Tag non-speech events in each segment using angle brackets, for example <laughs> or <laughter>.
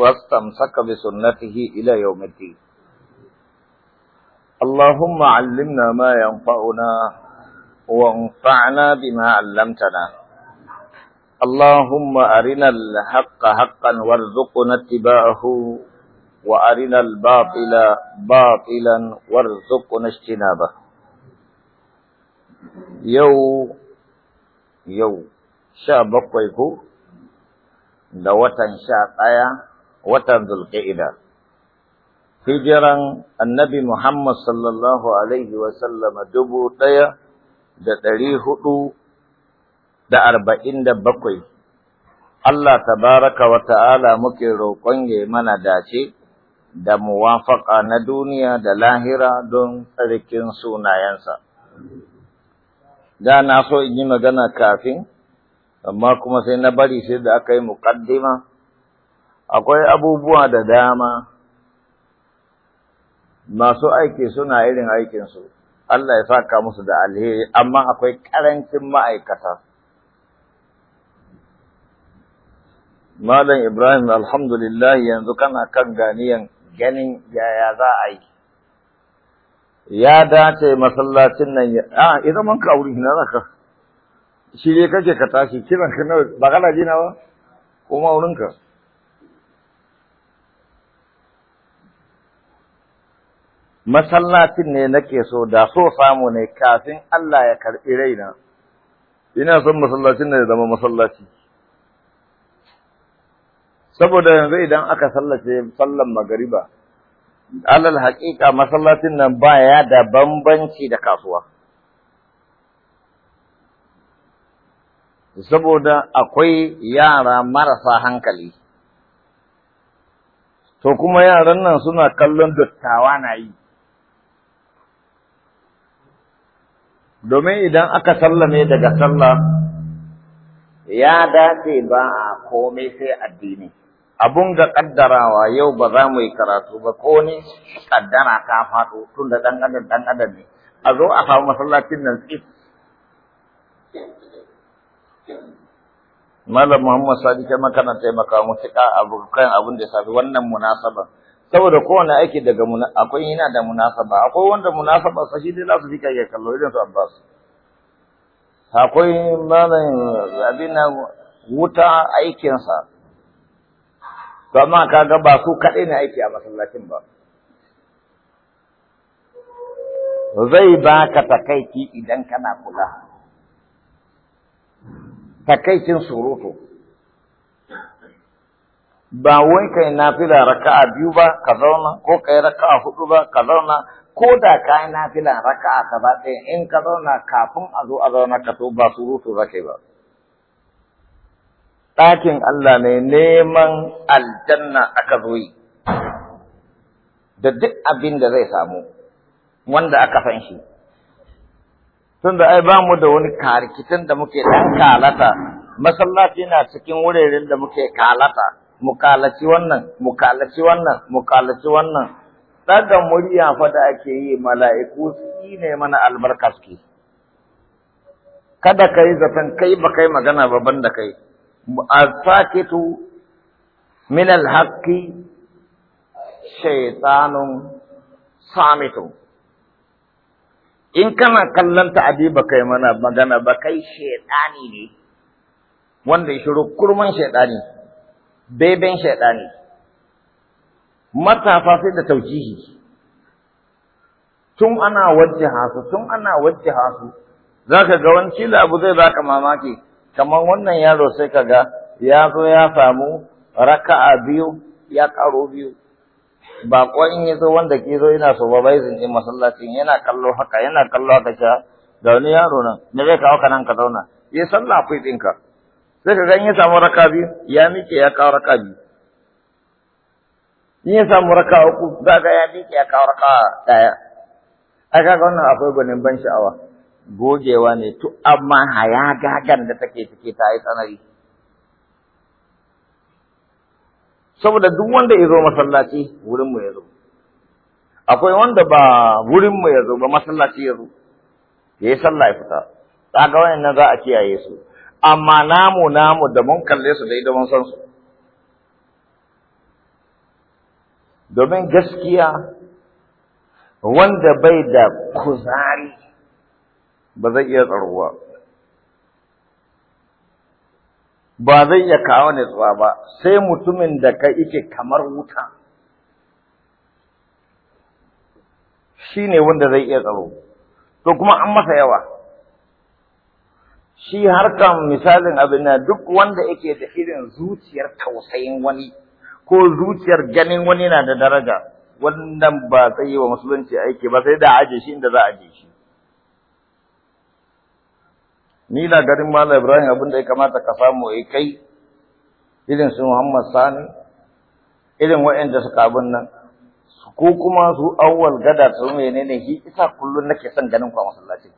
واستمسك بسنته إلى يوم الدين اللهم علمنا ما ينفعنا وانفعنا بما علمتنا اللهم أرنا الحق حقا وارزقنا اتباعه وأرنا الباطل باطلا وارزقنا اجتنابه يو يو شابك ويكو da watan sha watan zulqa'ida hijiran annabi Muhammad sallallahu alaihi wasallam dubu ɗaya da dari hudu da arba'in da bakwai Allah tabaraka wa ta'ala muke roƙon ya mana dace da muwafaƙa na duniya da lahira don tsarkin sunayensa. Da na so in yi magana kafin, amma kuma sai na bari sai da aka yi muƙaddima akwai abubuwa da dama masu aiki suna irin aikinsu Allah ya saka musu da alheri amma akwai ƙarancin ma'aikata Malam Ibrahim alhamdulillah yanzu kana kan ganiyan ganin yaya za a yi ya dace masallacin nan ya a idan mun ka na zaka shi ne kake ka tashi kiran ka na ba kana jina ba kuma wurinka masallacin ne nake so da so samu ne kafin Allah ya karɓi raina ina son masallacin da ya zama masallaci saboda yanzu idan aka sallace sallan magariba alal haƙiƙa masallacin nan baya da bambanci da kasuwa saboda akwai yara marasa hankali to kuma yaran nan suna kallon dattawa na yi domin idan aka sallame daga sallah ya dace ba a komai sai addini abun ga kaddarawa yau ba za mu yi karatu ba ko ne kaddara ta faɗo tun da ɗan adam ɗan adam ne a zo a samu masallacin nan su malam muhammad sadiq makana taimaka mu mutuƙa abokan abun da ya safi wannan munasaban saboda kowane aiki daga akwai yana da munasaba akwai wanda munasaba sashi dai za su fi kai kallo idan su Abbas akwai malam abin wuta aikin sa to amma kaga ba su kadai ne aiki a masallacin ba zai ba ka takaici idan kana kula takaicin surutu ba wai kai nafila raka'a biyu ba ka zauna ko kai raka'a hudu ba ka zauna ko da kai nafila raka'a ka ba ɗaya in ka zauna kafin a zo a zauna ka to ba surutu zake ba ɗakin Allah ne neman aljanna aka zo yi da duk abin da zai samu wanda aka san shi tunda ai ba mu da wani karikitin da muke ɗan kalata masallaci na cikin wuraren da muke kalata mukalaci wannan mukalaci wannan mukalaci wannan daga murya fa da ake yi mala'iku su ne mana albarka suke kada kai zaton kai ba kai magana ba banda kai asakitu min alhaqi shaytanun samitu in kana kallon ta'adi ba kai mana magana ba kai shaytani ne wanda ya shiru kurman shaytani beben shaidani matafa sai da taujihi tun ana wajjaha hasu, tun ana hasu, za zaka ga wanci abu zai baka mamaki kamar wannan yaro sai kaga ya zo ya samu raka'a biyu ya karo biyu ba ko in yazo wanda ke zo yana so babai zin in masallacin yana kallo haka yana kallo haka ga wani yaro nan me zai kawo ka nan ka zauna ya sallah kuɗinka ɗinka. sai ka ya samu raka biyu ya miƙe ya kawo raka biyu in ya samu raka uku za ga ya miƙe ya kawo raka ɗaya ai kaga wannan akwai gwanin ban sha'awa gogewa ne to amma haya gagan da take take ta yi tsanari saboda duk wanda ya zo masallaci wurin mu ya zo akwai wanda ba wurin mu ya zo ba masallaci ya zo ya yi sallah ya fita kaga wayannan za a kiyaye su amma namu namu da mun kalle su da idan mun san su domin gaskiya wanda bai da kuzari ba zai iya tsaruwa ba zai iya kawo tsawa ba sai mutumin da ka ike kamar wuta shine wanda zai iya tsaro to kuma an masa yawa shi harkan misalin abin na duk wanda yake da irin zuciyar tausayin wani ko zuciyar ganin wani na da daraja wannan ba zai yi wa musulunci aiki ba sai da aje shi inda za a aje shi ni na garin Malam Ibrahim abin da ya kamata ka samu ya kai irin su Muhammad Sani irin waɗanda suka abin nan ko kuma su awwal gada su menene shi isa kullun nake son ganin ku a masallacin.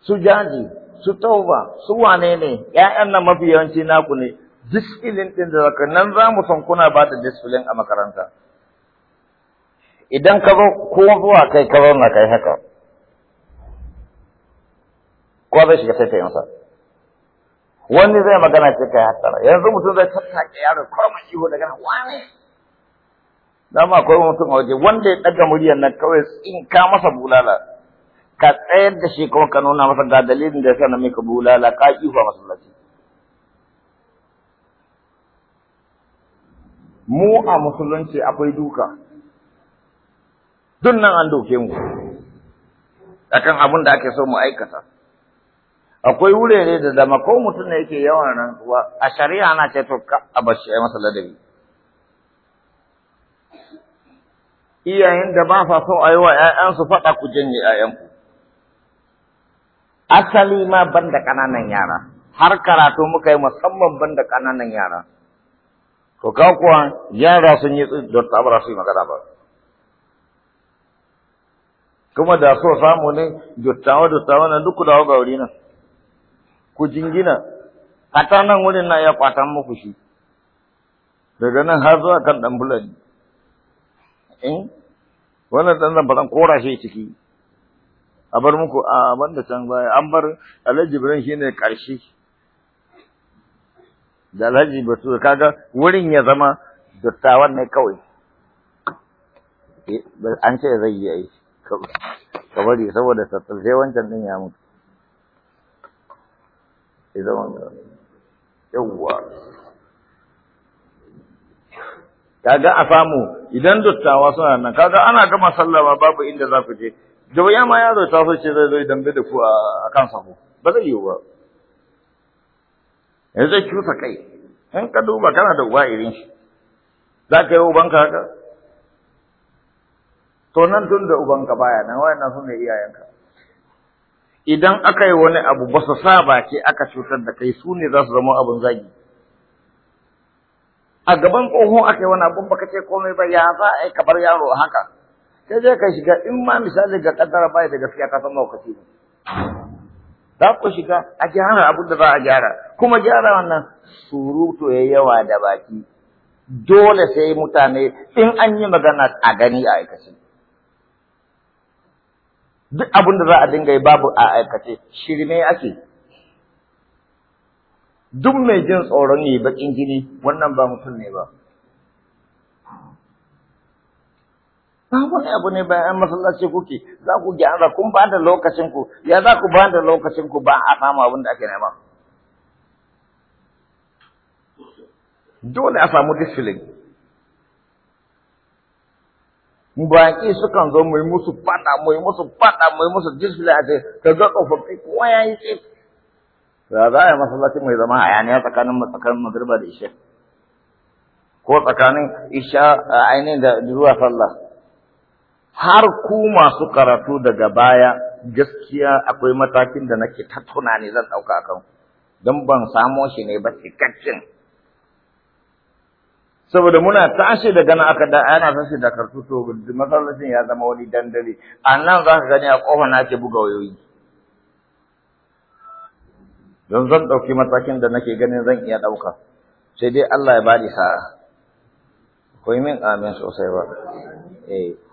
su jaji su tauba su wane ne ’ya’yan nan mafi yawanci naku ne discipline din da zaka nan za mu san kuna ba da discipline a makaranta idan ka zo ko zuwa kai ka zauna na kai haka ko zai shiga taitayinsa wani zai magana ce kai hattara yanzu mutum zai tattake yaro kwamar ihu daga gana wane dama akwai mutum a waje wanda ya ɗaga muryar nan kawai in ka masa bulala ka tsayar da shi kuma ka nuna masa ga dalilin da ya sanar maka bulala ka kifa masallaci mu a musulunci akwai duka duk nan an doke mu akan abin da ake so mu aikata akwai wurare da dama ko mutum ne yake yawan kuwa a shari'a na ce to ka a bashi ai masa ladabi iyayen da ba sa so a yi wa 'ya'yansu faɗa ku janye 'ya'yanku asali ma ban da ƙananan yara har karatu muka yi musamman ban da ƙananan yara to ka kuwa yara sun yi don tabara su yi magana ba kuma da so samu ne dottawa dottawa na duk dawo ga wuri nan ku jingina Kata nan wurin na ya kwatan muku shi daga nan har zuwa kan dan bulani in eh? wannan dan ba zan kora shi ciki a bar muku a banda can baya an bar alhaji ibrahim shine karshe da alhaji bature kaga wurin ya zama dattawan ne kawai eh, an ce zai yi ai ka bari saboda sai wancan din ya mutu idan wannan yawwa kaga a samu idan dattawa suna nan kaga ana gama sallama babu inda za ku je da ya ma yaro ta so ce zai zo dambe da ku a kan sahu. ba zai yiwu ba yanzu zai cusa kai in ka duba kana da uba irin shi za ka yi ubanka haka to nan tun da ubanka baya nan wayannan su ne iyayenka idan aka yi wani abu ba su sa ke aka cutar da kai su ne za su zama abin zagi a gaban ƙoho aka yi wani abun ka ce komai ba ya za a yi kabar yaro haka sai zai ka shiga in ma misali ga kaddara bai da gaskiya ka san maukaci ne za ku shiga a gyara abin da za a gyara kuma gyara wannan surutu ya yawa da baki dole sai mutane in an yi magana a gani a aikace duk abin da za a dinga yi babu a aikace shirme ake duk mai jin tsoron ne bakin jini wannan ba mutum ne ba ba wani abu ne bayan masallaci kuke za ku gyara kun ba da lokacin ku ya za ku ba da lokacin ku ba a samu abin da ake nema dole a samu discipline baƙi sukan zo mu yi musu fada mu yi musu fada mu yi musu discipline a ce ka ga tsofaffi kowa ya yi ce za a yi masallaci mai zama a yanayi tsakanin tsakanin magriba da ishe. ko tsakanin isha ainihin da zuwa sallah har ku masu karatu daga baya gaskiya akwai matakin da nake ta tunani zan ɗauka kan ku? don ban samo shi ne ba cikakken saboda muna tashi daga nan aka da ana tashi da karatu to masallacin ya zama wani dandali a nan za ka gani a ƙofa na ke buga wayoyi don zan ɗauki matakin da nake ganin zan iya ɗauka sai dai Allah ya bani sa'a ko min amin sosai ba eh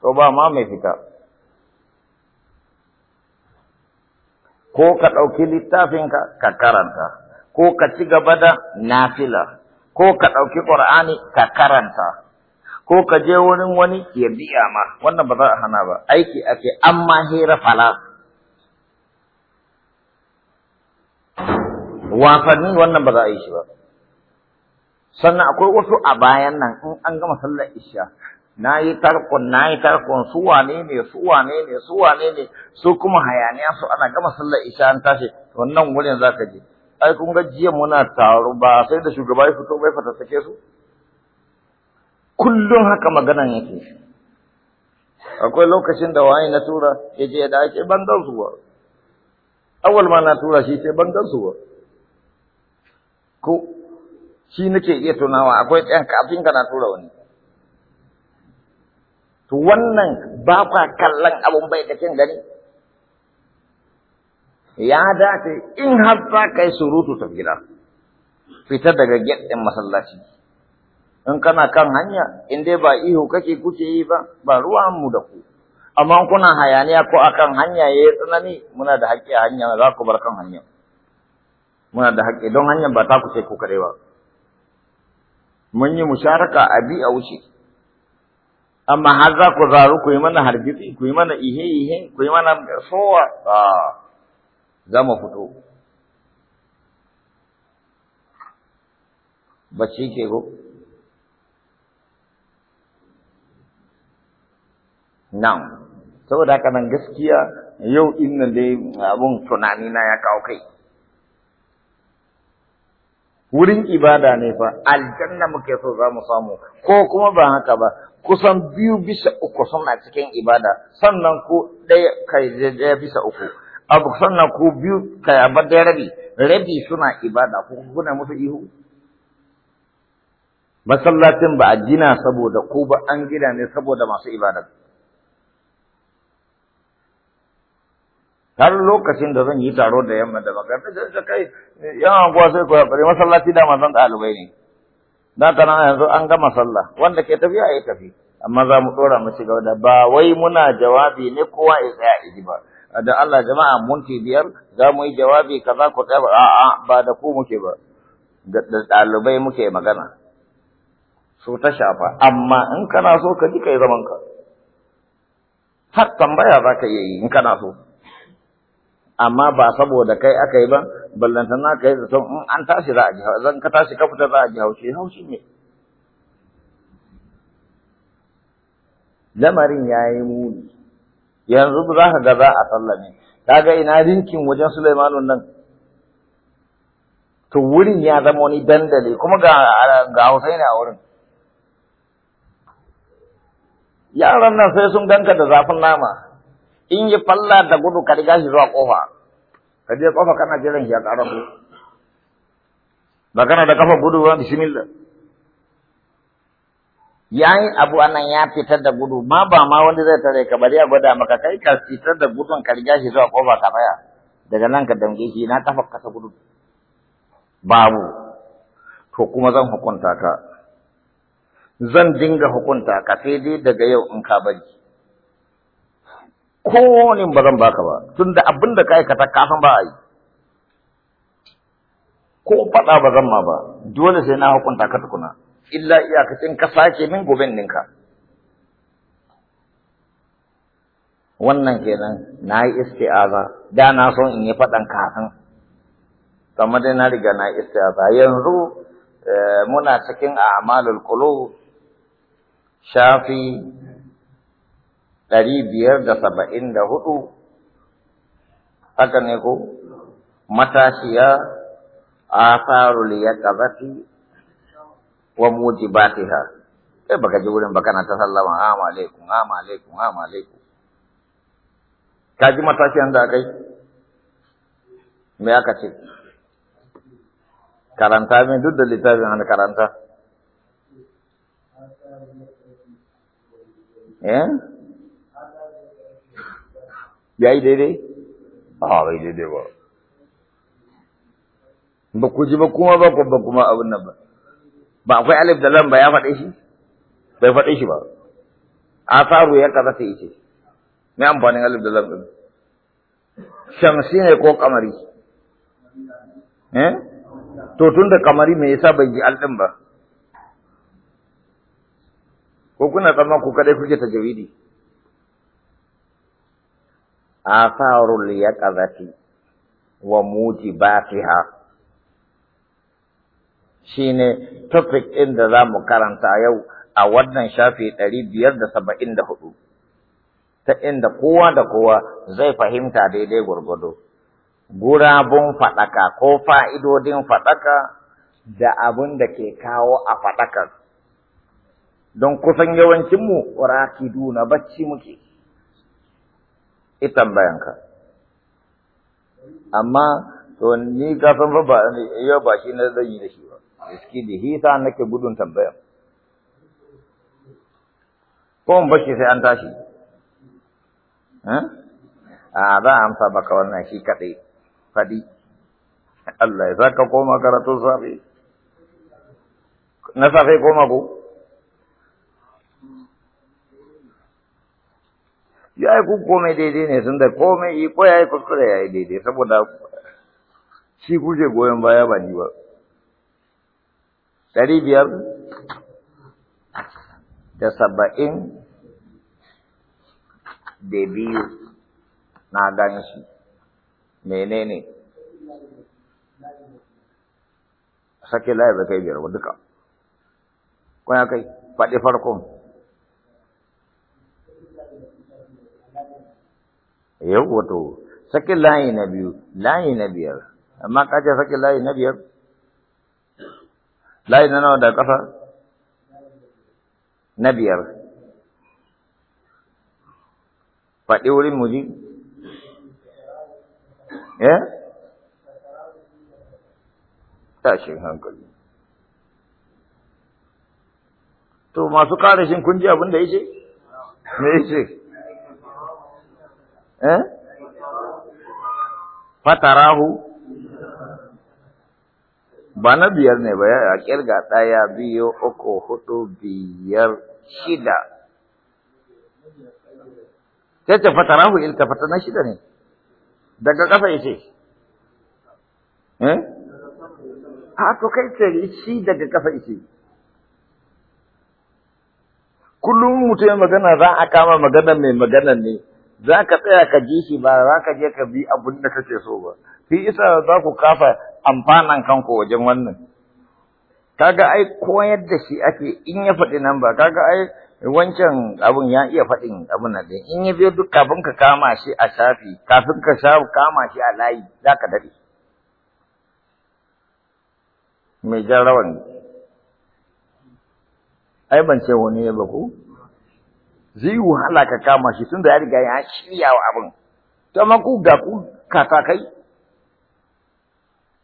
to ba ma mai fita ko ka ɗauki littafinka ka karanta ko ka ci gaba da nafila ko ka ɗauki ƙur'ani ka karanta ko ka je wurin wani ya biya ma wannan ba za a hana ba aiki ake amma hira fala wasanni wannan ba za a yi shi ba sannan akwai wasu a bayan nan in an gama sallar isha na yi tarkon na yi tarkon su wane ne su wane ne su wane ne su kuma hayaniya su ana gama sallar isha an tashi wannan wurin za ka je ai kun ga jiya muna taro ba sai da shugaba ya fito bai fata sake su kullum haka maganan yake akwai lokacin da waye na tura ya je da ake ban gan zuwa awal ma na tura shi sai ban gan zuwa ko shi nake iya tunawa akwai ɗan kafin ka na tura wani to wannan ba kwa kallon abun bai da kin gani ya dace in har za ka yi surutu ta gida fitar daga gate ɗin masallaci in kana kan hanya in dai ba ihu kake kuke yi ba ba ruwan mu da ku amma kuna hayaniya ko akan hanya yayi tsanani muna da haƙƙi a hanya za ku bar kan hanya muna da haƙƙi don hanyar ba ta ku ku kaɗai ba mun yi musharaka a bi a wuce amma har za ku zaru ku yi mana hargitsi ku yi mana ihe ihe ku yi mana sowa a za mu fito bacci ke go nan saboda haka nan gaskiya yau inna dai abun tunani na ya kawo kai wurin ibada ne fa aljanna muke so za mu samu ko kuma ba haka ba kusan biyu bisa uku suna cikin ibada sannan ko ɗaya kai ɗaya bisa uku abu sannan ko biyu kai abar da rabi rabi suna ibada ko kuna musu ihu masallacin ba a gina saboda ko ba an gina ne saboda masu ibada har lokacin da zan yi taro da yamma da bakarta da kai yan anguwa sai ku bari masallaci da mazan dalibai ne da ta yanzu an gama sallah wanda ke tafiya ya tafi amma za mu ɗora mu shiga da ba wai muna jawabi ne kowa ya tsaya iji ba da Allah jama'a munti biyar za mu yi jawabi kaza ku tsaya a'a ba da ku muke ba da dalibai muke magana su ta shafa amma in kana so ka ji kai zaman ka har tambaya za ka iya yi in kana so amma ba saboda kai aka yi ba ballantana kai da son in an tashi za a ji zan ka tashi ka fita za a ji haushi haushi ne lamarin ya yi muni yanzu za ka ga za a sallame kaga ina rinkin wajen Sulaimanun nan to wurin ya zama wani dandali kuma ga ga ne a wurin yaran nan sai sun ganka da zafin nama in yi falla da gudu ka riga shi zuwa kofa ka je kofa kana jiran ya ƙara ku ba kana da kafa gudu ba bismillah ya abu anan ya fitar da gudu ma ba ma wanda zai tare ka bari a gwada maka kai ka fitar da gudun ka riga shi zuwa kofa ka tsaya daga nan ka dange shi na kafa kasa gudu babu to kuma zan hukunta ka zan dinga hukunta ka sai dai daga yau in ka bari kowane ba zan baka ba tun da abin da ka aikata ka san ba a yi ko faɗa ba zan ma ba dole sai na hukunta ka tukuna illa iyakacin ka sake min goben ninka wannan kenan na yi isti'aza da na son in yi faɗan kafin kama dai na riga na yi isti'aza yanzu eh, muna cikin a'malul kulu, shafi ɗari biyar da saba'in da hudu haka ne ko matashiya asarul yaqazati wa muji mujibatiha sai baka ji wurin baka na ta sallama assalamu alaikum assalamu alaikum assalamu alaikum ka ji matashiyan da kai me aka ce karanta min duk da littafin an karanta eh ya yi daidai a bai daidai ba ba ku ji ba kuma ba ku ba kuma abin nan ba ba akwai alif da lam ba ya faɗe shi bai faɗe shi ba a faru ya kaza ta ice me amfanin alif da lam shan shamsi ne ko kamari eh to da kamari me yasa bai ji al ba ko kuna tsamma ku kadai kuke ta jawidi? آثار اليقظة وموجباتها shine topic ɗin da za mu karanta yau a wannan shafi ɗari biyar da saba'in da hudu ta inda kowa da kowa zai fahimta daidai gwargwado gurabun faɗaka ko fa'idodin faɗaka da abin da ke kawo a faɗakar don kusan yawancinmu na bacci muke ita bayanka amma to ni ka san ba yau ba shi na zan yi da shi ba iski da hisa nake gudun tambaya ko mun bashi sai an tashi eh? a za a amsa baka wannan shi kaɗai faɗi Allah ya ka koma karatun safe na safe koma ko ya yi kun komai daidai ne sun da komai yi ko ya yi kuskure ya yi daidai saboda shi kuke goyon baya ba ni ba Dari biyar da saba'in da biyu na gan shi menene sake layi kai biyar duka kuna kai faɗi farkon yau sakin layi na biyu layi na biyar amma ka ce sakin layi na biyar layi na nawa da ƙasa na biyar faɗi wurin muji ya eh? tashin hankali to masu ƙarashin kun ji abin da ya ce me ya ce eh fatarahu ba na biyar ne ba ya kirga ɗaya biyu uku hudu biyar shida sai ce fatarahu fata na shida ne daga ƙasa ya ce eh a to kai ce shi daga ƙasa ya ce kullum mutum magana za a kama magana mai magana ne za ka tsaya ka ji shi ba za ka je ka bi abin da kake so ba fi isa za ku kafa amfanan kanku wajen wannan kaga ai koyar da shi ake in ya faɗi nan ba kaga ai wancan abun ya iya faɗin abun nan din in ya biyo duk kafin ka kama shi a shafi kafin ka sha kama shi a layi za ka daɗe mai jarawan ai ban ce wani ya ba ku zai wahala ka kama shi tun da ya riga ya shirya wa abin ta maku ga ku katakai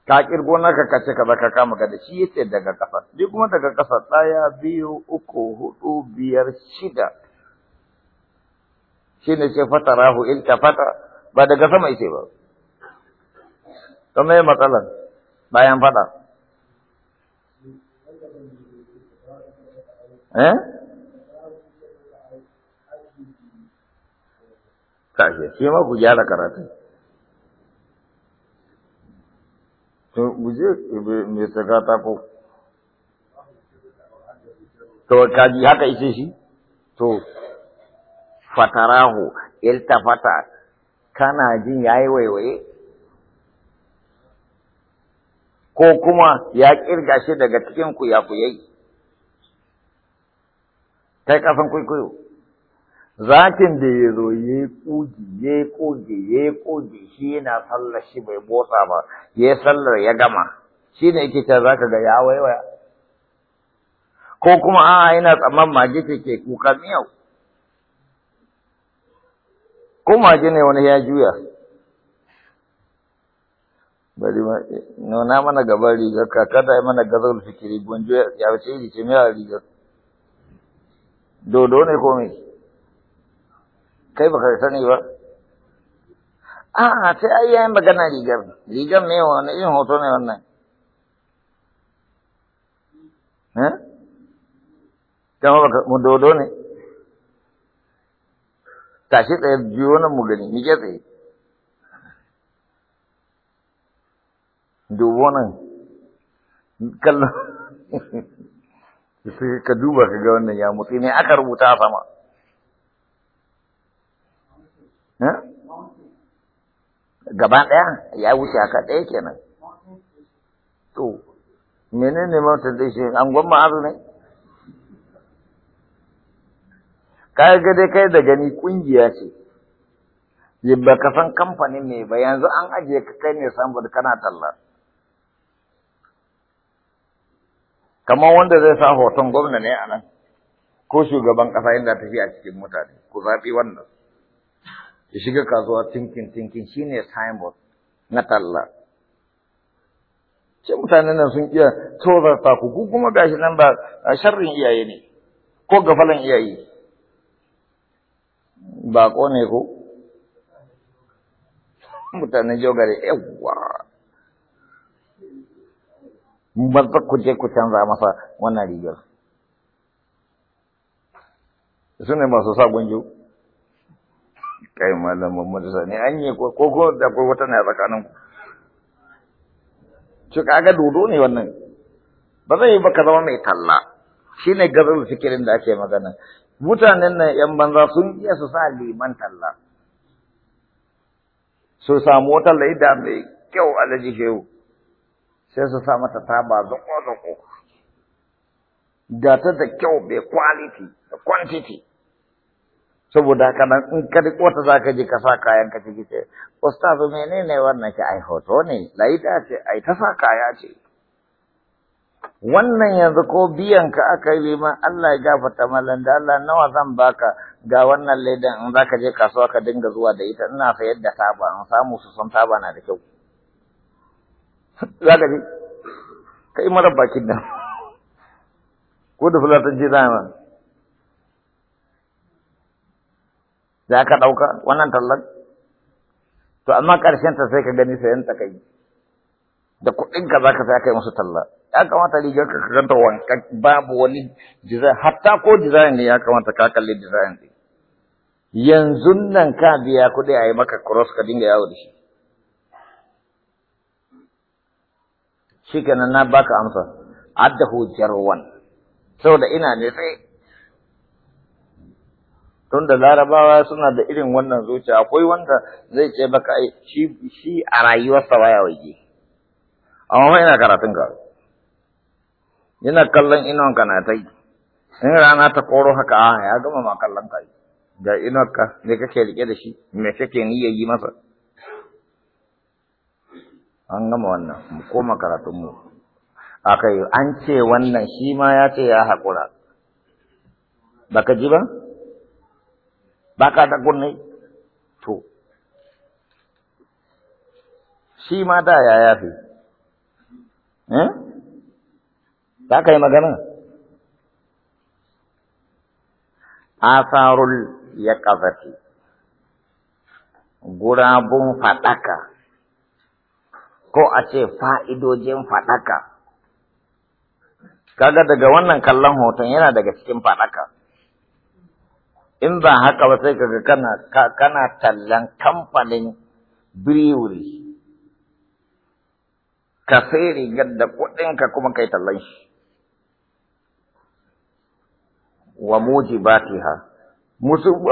ka kirgo na ka kace ka zaka kama ka da shi yace daga kasa duk kuma daga kasa ɗaya biyu uku hudu biyar shida shi ne ce ta fata? ba daga sama ce ba Ta mai matsalar. bayan fata. eh kashe shi ma ku gyara karatu to buje je me saka ta ko to kaji haka ice shi to fatarahu iltafata kana jin yayi waiwaye ko kuma ya kirga shi daga cikin ku ya ku kai kafan kwaikwayo zakin da ya zo ya yi ƙugi ya yi ƙugi ya yi ƙugi shi yana sallar shi bai motsa ba ya yi sallar ya gama shi ne yake can zaka ga ya waiwaya ko kuma a'a yana tsamman mage ce ke kuka miyau ko mage ne wani ya juya bari ma nuna mana gaban rigar ka kada mana gazar fikiri gunjo ya wuce yi ce mai rigar dodo ne ko mai kai baka sani ba a sai ai yayin magana rigar rigar ne wani irin hoto ne wannan eh kama baka mu dodo ne tashi tsaye biyo nan mu gani ni ke tsaye dubo nan kallon <laughs> ka duba ka ga wannan ya mutu ne aka rubuta a sama gaba ɗaya ya wuce haka ɗaya kenan to menene mountain din shi an gwamma azu ne kai ga kai da gani ƙungiya ce yadda ka kamfanin ne ba yanzu an ajiye ka kai ne saboda kana talla kamar wanda zai sa hoton gwamna ne a nan ko shugaban ƙasa inda tafi a cikin mutane ku zaɓi wannan ya shiga kasuwa tinkin tinkin shine signboard na talla ce mutanen nan sun iya tsorata ku ku kuma gashi nan ba sharrin iyaye ne ko gafalan iyaye ba ko ne ko mutanen jogare yawwa maza ku je ku canza masa wannan rigar su ne masu sabon gunjo kai malam Muhammad Sani an yi ko ko da ko wata a tsakanin ku shi kaga dodo ne wannan ba zai yi ka zama mai talla shine gazal fikirin da ake magana mutanen nan yan banza sun iya su sa liman talla su samu wata laida mai kyau alaji shehu sai su sa mata taba zako zako ga da kyau bai quality da quantity saboda haka nan in ka riko ta zaka je ka sa kayan ka ciki ce ustaz menene wannan ki ai hoto ne laida ce ai ta sa kaya ce wannan yanzu ko biyan ka aka yi liman Allah ya gafarta mallan da Allah nawa zan baka ga wannan laidan in zaka je kasuwa ka dinga zuwa da ita ina sayar da taba in samu su san taba na da kyau zaka ji kai mara bakin nan ko da fulatan ji zama za ka ɗauka wannan tallan to amma ƙarshen ta sai ka gani sayan ta kai da kuɗinka za ka sai yi musu talla ya kamata rigar ka ganta wanka babu wani design hatta ko design ne ya kamata ka kalli design ɗin yanzu nan ka biya kuɗi a yi maka cross ka dinga yawo da shi shikenan na baka amsa addahu jarwan saboda ina ne tsaye tun da larabawa suna da irin wannan zuciya akwai wanda zai ce baka shi shi a rayuwarsa baya waje amma ina karatun ka Ina kallon inon ka na tai in rana ta koro haka a ah, ya gama ma kallon ka da inon ka me kake rike da shi me kake niyyar yi masa an gama wannan mu koma karatun mu akai an ce wannan shi ma ya ce ya haƙura baka ji ba ba ka da kunne to shi ma da ya yafi eh? za ka yi magana asarul ya ƙazafi gurabun faɗaka ko a ce fa'idojin faɗaka kaga daga wannan kallon hoton yana daga cikin faɗaka in ba haka ba sai kaga kana kana tallan kamfanin brewery ka sai rigar da kuɗinka kuma kai tallan shi wa mujibatiha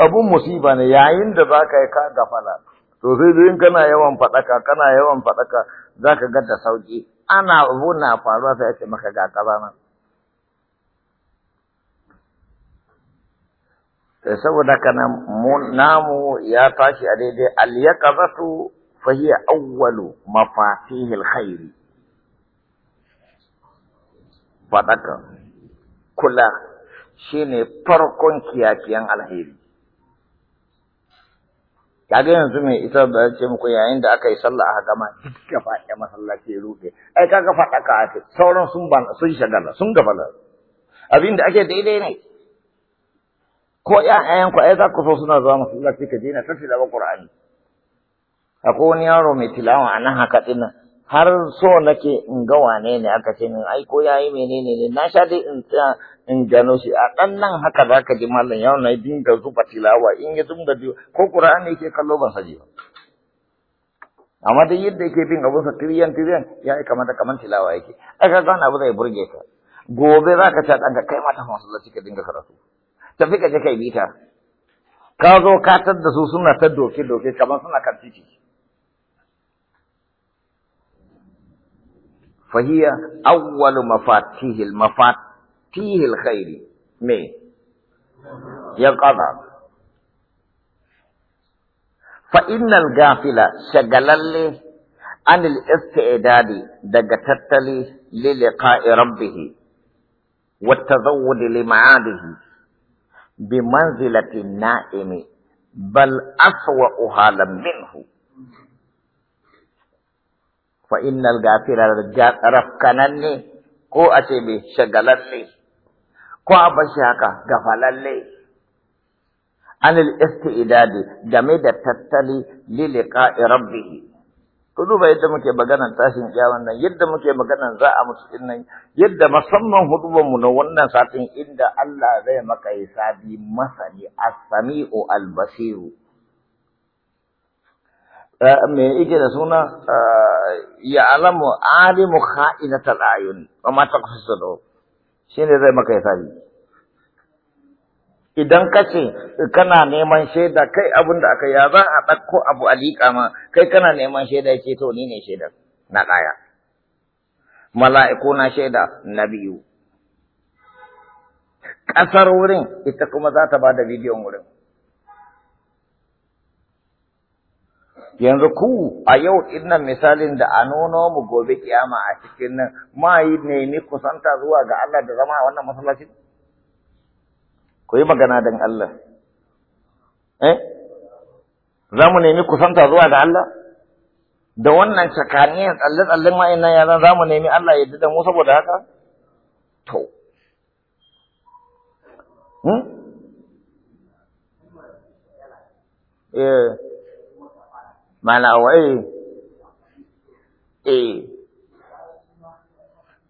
abun musiba ne yayin da zaka yi ka gafala to sai dai in kana yawan faɗaka, kana yawan za zaka ga da sauki ana abun na faruwa sai ake maka ga kaza Eh, saboda kana namu ya tashi a daidai al-yaqazatu fa hiya awwalu mafatihil khairi fadaka kula shine farkon kiyakiyan alheri kaga yanzu me ita da ce muku yayin da aka yi sallah aka gama duka <laughs> faɗi masallaci ya rufe ai kaga faɗaka ake sauran sun ban sun shagala sun gabala abin da ake daidai ne ko ku ai za ku so suna zuwa masallaci ka daina tafi da Qur'ani akwai wani yaro mai tilawa a nan haka din har so nake in ga wane ne aka ce min ai ko yayi menene ne na sha dai in tsaya in gano shi a ɗan nan haka za ka ji mallam yaro na dinga zuba tilawa in ya zunga biyu ko Qur'ani yake kallo ba saji ba amma dai yadda yake bin abun sa tiriyan tiriyan ya yi kamata kaman tilawa yake aka ka ga abu zai burge ka gobe za ka ci ɗan ka kai mata masallaci ka dinga karatu tafi ka je kai bita ka zo ka da su suna ta doke-doke kamar suna kan titi fahiya awwalu mafatihil mafatihil khairi me ya qada fa innal gafila shagalalle anil istidadi daga tattali li liqa'i rabbih wa tazawwud li ma'adihi bi manzilati na'imi bal aswa uhalan minhu fa innal gafira rafkananne ko a ce mai ko a bashi haka gafalalle anil isti'dadi game da tattali li liqa'i Kuduba duba yadda muke maganan tashin kiyaman nan yadda muke maganan za a mutu din nan yadda musamman hudubar mu na wannan satin inda Allah zai maka hisabi masani as-sami'u al-basiru eh, me yake da suna eh, ya alamu alimu kha'inatal ayun wa ma taqsidu shine zai maka hisabi idan ka ce kana neman shaida kai abin da aka ya za a ɗauko abu a liƙa ma kai kana neman shaida ya ce to ni ne shaida na ɗaya mala'iku na shaida na biyu ƙasar wurin ita kuma za ta ba da bidiyon wurin yanzu ku a yau innan misalin da a nono mu gobe kiyama a cikin nan ma yi nemi kusanta zuwa ga Allah da zama a wannan masallacin ku yi magana don Allah eh za nemi kusanta zuwa da Allah da wannan tsakaniyar tsalle-tsallen wa'annan yaran za mu nemi Allah ya da mu saboda haka to hmm? eh mana wai eh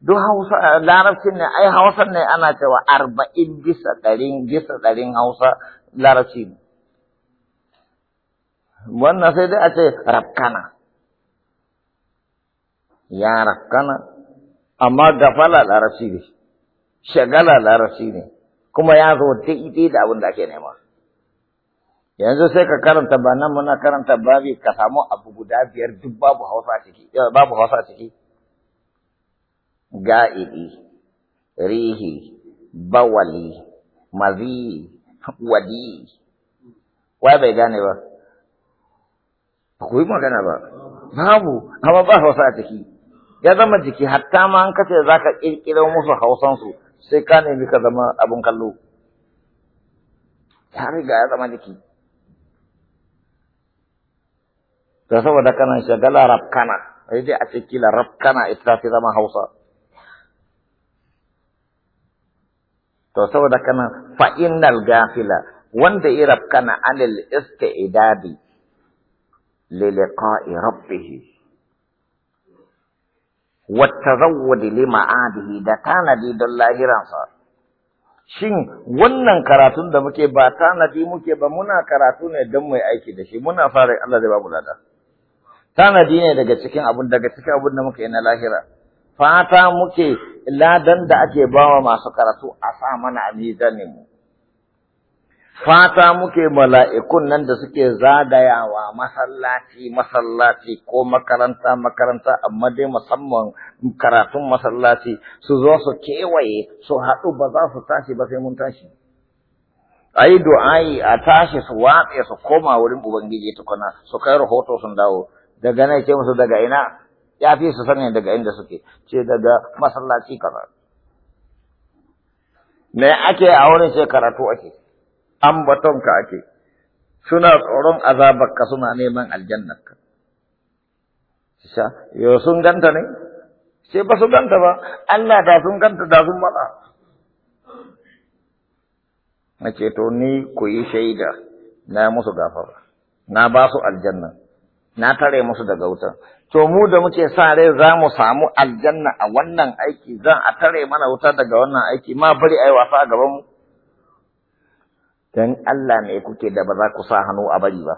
duk hausa eh, larabcin ne ai hausan ne ana cewa arba'in bisa ɗarin bisa ɗarin hausa larabci ne wannan sai dai a ce rafkana ya rafkana amma gafala larabci ne shagala larabci ne kuma ya zo daidai da abin da ake nema yanzu sai ka karanta ba nan muna karanta babi ka samu abu guda biyar duk babu hausa ciki eh, babu hausa ciki ga'idi, rihi, bawali, mazi, wadi. Waya bai gane ba, ba ku yi magana ba, babu, amma ba hausa a ciki, ya zama jiki hatta ma an kace za ka ƙirƙiro musu hausansu sai ka nemi ka zama abun kallo. Ya riga ya zama jiki. Da saboda kanan shagala rafkana, sai dai a ce kila rafkana ita ta fi zama hausa. To saboda kana fa innal gafila wanda ya rabkana anil isti'dadi li liqa'i rabbih wa tazawwud li ma'adihi da tanadi don lahiransa shin wannan karatun da muke ba tanadi muke ba muna karatu ne don mai aiki da shi muna fara Allah zai ba mu lada tanadi ne daga cikin abun daga cikin abun da muke na lahira fata muke ladan da ake bawa masu karatu a sa mana a mizanin fata muke mala'ikun nan da suke zagayawa masallaci masallaci ko makaranta makaranta amma dai musamman karatun masallaci su zo su kewaye su haɗu ba za su tashi ba sai mun tashi a yi du'ayi a tashi su watse su koma wurin ubangiji tukuna su kai rahoto sun dawo daga nan ce musu daga ina ya fi su sani daga inda suke ce daga masallaci kaza me ake a wurin ce karatu ake An ka ake suna tsoron azabarka suna neman aljannarka sha yo sun ganta ne sai ba su ganta ba Allah da sun ganta da sun mala na ce to ni ku yi shaida na musu gafara na ba su aljanna na tare musu daga wuta. to mu da muke sa rai za mu samu aljanna a wannan aiki zan a tare mana wuta daga wannan aiki ma bari ai wasa a gaban mu dan Allah ne kuke da ba za ku sa hannu a bari ba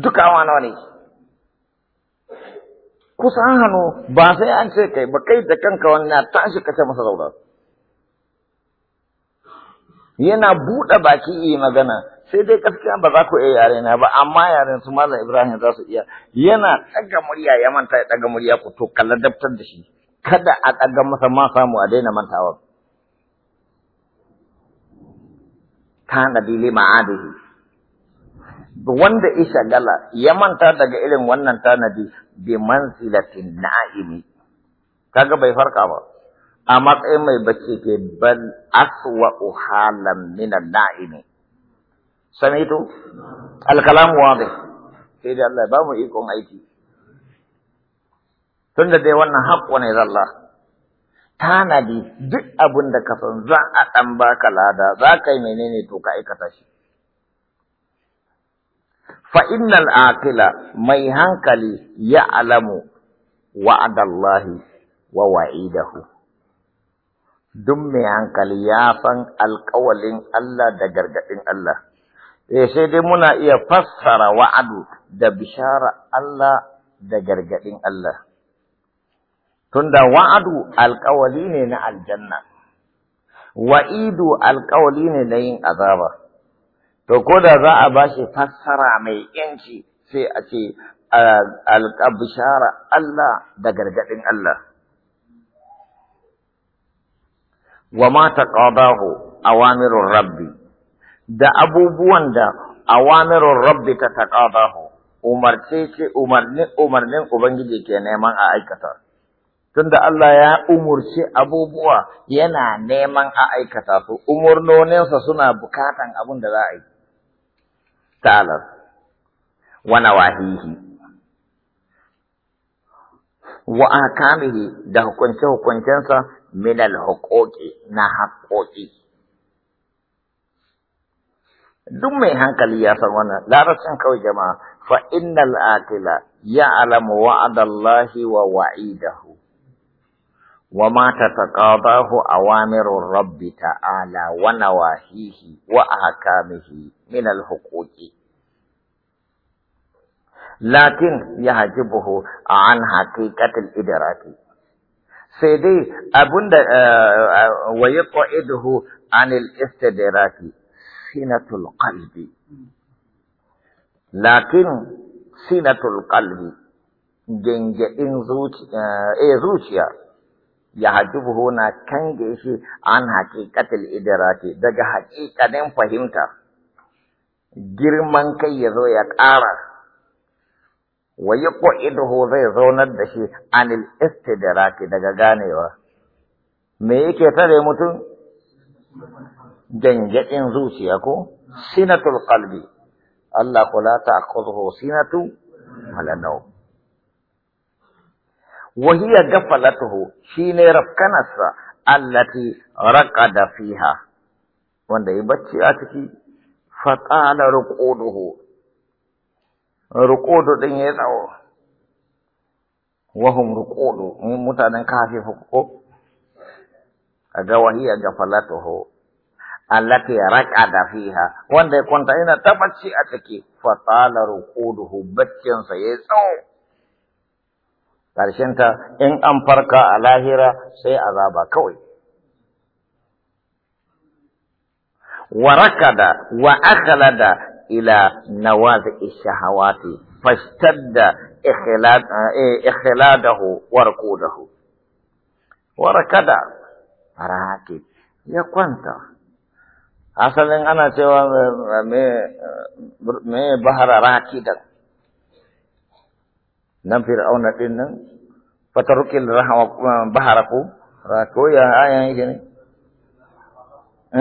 duka awa nawa ne ku sa hannu ba sai an ce kai ba kai da kanka wannan tashi kace masa zaura yana buɗe baki yi magana sai dai gaskiya ba za ku iya yare na ba amma yaren su malam Ibrahim za su iya yana tsaga murya ya manta ya tsaga murya ku to kalla daftar da shi kada a tsaga masa ma samu a daina mantawa kana dili ma'adihi wanda ya shagala ya manta daga irin wannan tanadi bi manzilatin na'imi kaga bai farka ba a matsayin mai bacci ke bal aswa halan min na'imi Samitu الكلام واضح sai dai Allah ba bamu ikon aiki tunda dai wannan haƙƙo ne zalla tanadi duk abin da ka san za a ɗan baka lada za ka yi menene to ka aikata shi fa innal mai hankali ya alamu wa'adallahi wa wa'idahu duk mai hankali ya san alƙawalin Allah da gargaɗin Allah Eh sai dai muna iya fassara wa'adu da bishara Allah da gargaɗin Allah. Tunda wa'adu alƙawali ne na aljanna, wa'idu alƙawali ne na yin azaba. To, ko da za a ba shi fassara mai ‘yanci sai a ce bishara Allah da gargaɗin Allah. Wa mata taƙadahu awamirun rabbi. da abubuwan da awamirun rabbi ta taƙadahu umarce ce umarnin ubangiji ke neman a aikata tunda Allah ya umurci abubuwa yana neman a aikata su umarnoninsa suna bukatan abin da za a yi ta'alar wa wahihi. wa akamihi da hukunce hukuncensa minal al na haƙoƙi duk mai hankali ya san wannan larabcin kawai jama'a fa innal aqila ya'lamu wa'adallahi wa wa'idahu wa ma tataqadahu awamirur rabbi ta'ala wa nawahihi wa ahkamihi min al-huquqi lakin yahjibuhu an haqiqatil idraki sai dai abunda wa yaqiduhu anil istidraki sinatul qalbi lakin sinatul qalbi gengeɗin eh, eh, zuciya ya hajjubu na kange shi an haƙiƙatul idirati daga haƙiƙanin fahimta girman kai ya zo ya ƙara wa yi zai zaunar da shi anil istidirati daga ganewa me yake tare mutum جنگے ان روسیا کو سینت القلبی اللہ کو لا تاخذ ہو ولا نو وہی غفلت ہو شی نے رکن اس التي رقد فيها وندے بچی اتکی فقال رقوده رقود دین یہ وهم رقود متان كافي فوق اگر وہی غفلت allati raqada fiha wanda ya kwanta yana ta bacci a ciki fa tala ruquduhu baccin sa yayi tsawo karshen ta in an farka a lahira sai azaba kawai wa da wa akhlada ila nawazi shahawati fashtadda eh, ikhladahu wa ruqudahu wa raqada ya kwanta asalin ana cewa eh, me bahara da nan fir'auna din nan fatarukil rahama eh, baharaku rako ya ayan yake ne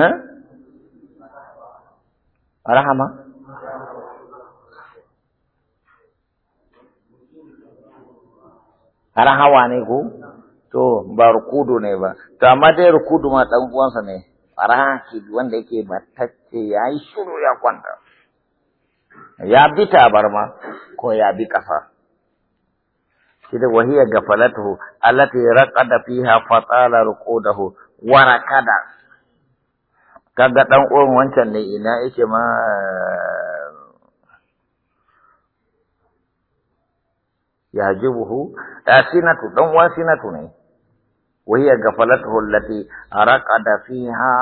eh rahama rahawa ne ko to ba rukudu ne ba to amma dai rukudu ma dan uwansa ne faraki wanda yake matacce ya yi shiru ya kwanta ya bi tabarma ko ya bi kafa kida wahiya gafalatuhu raƙa da fiha fatsalar ruqudahu wara kada. kaga dan uwan wancan ne ina yake ma ya sinatu asinatu dan sinatu ne وهي غفلته التي أرقد فيها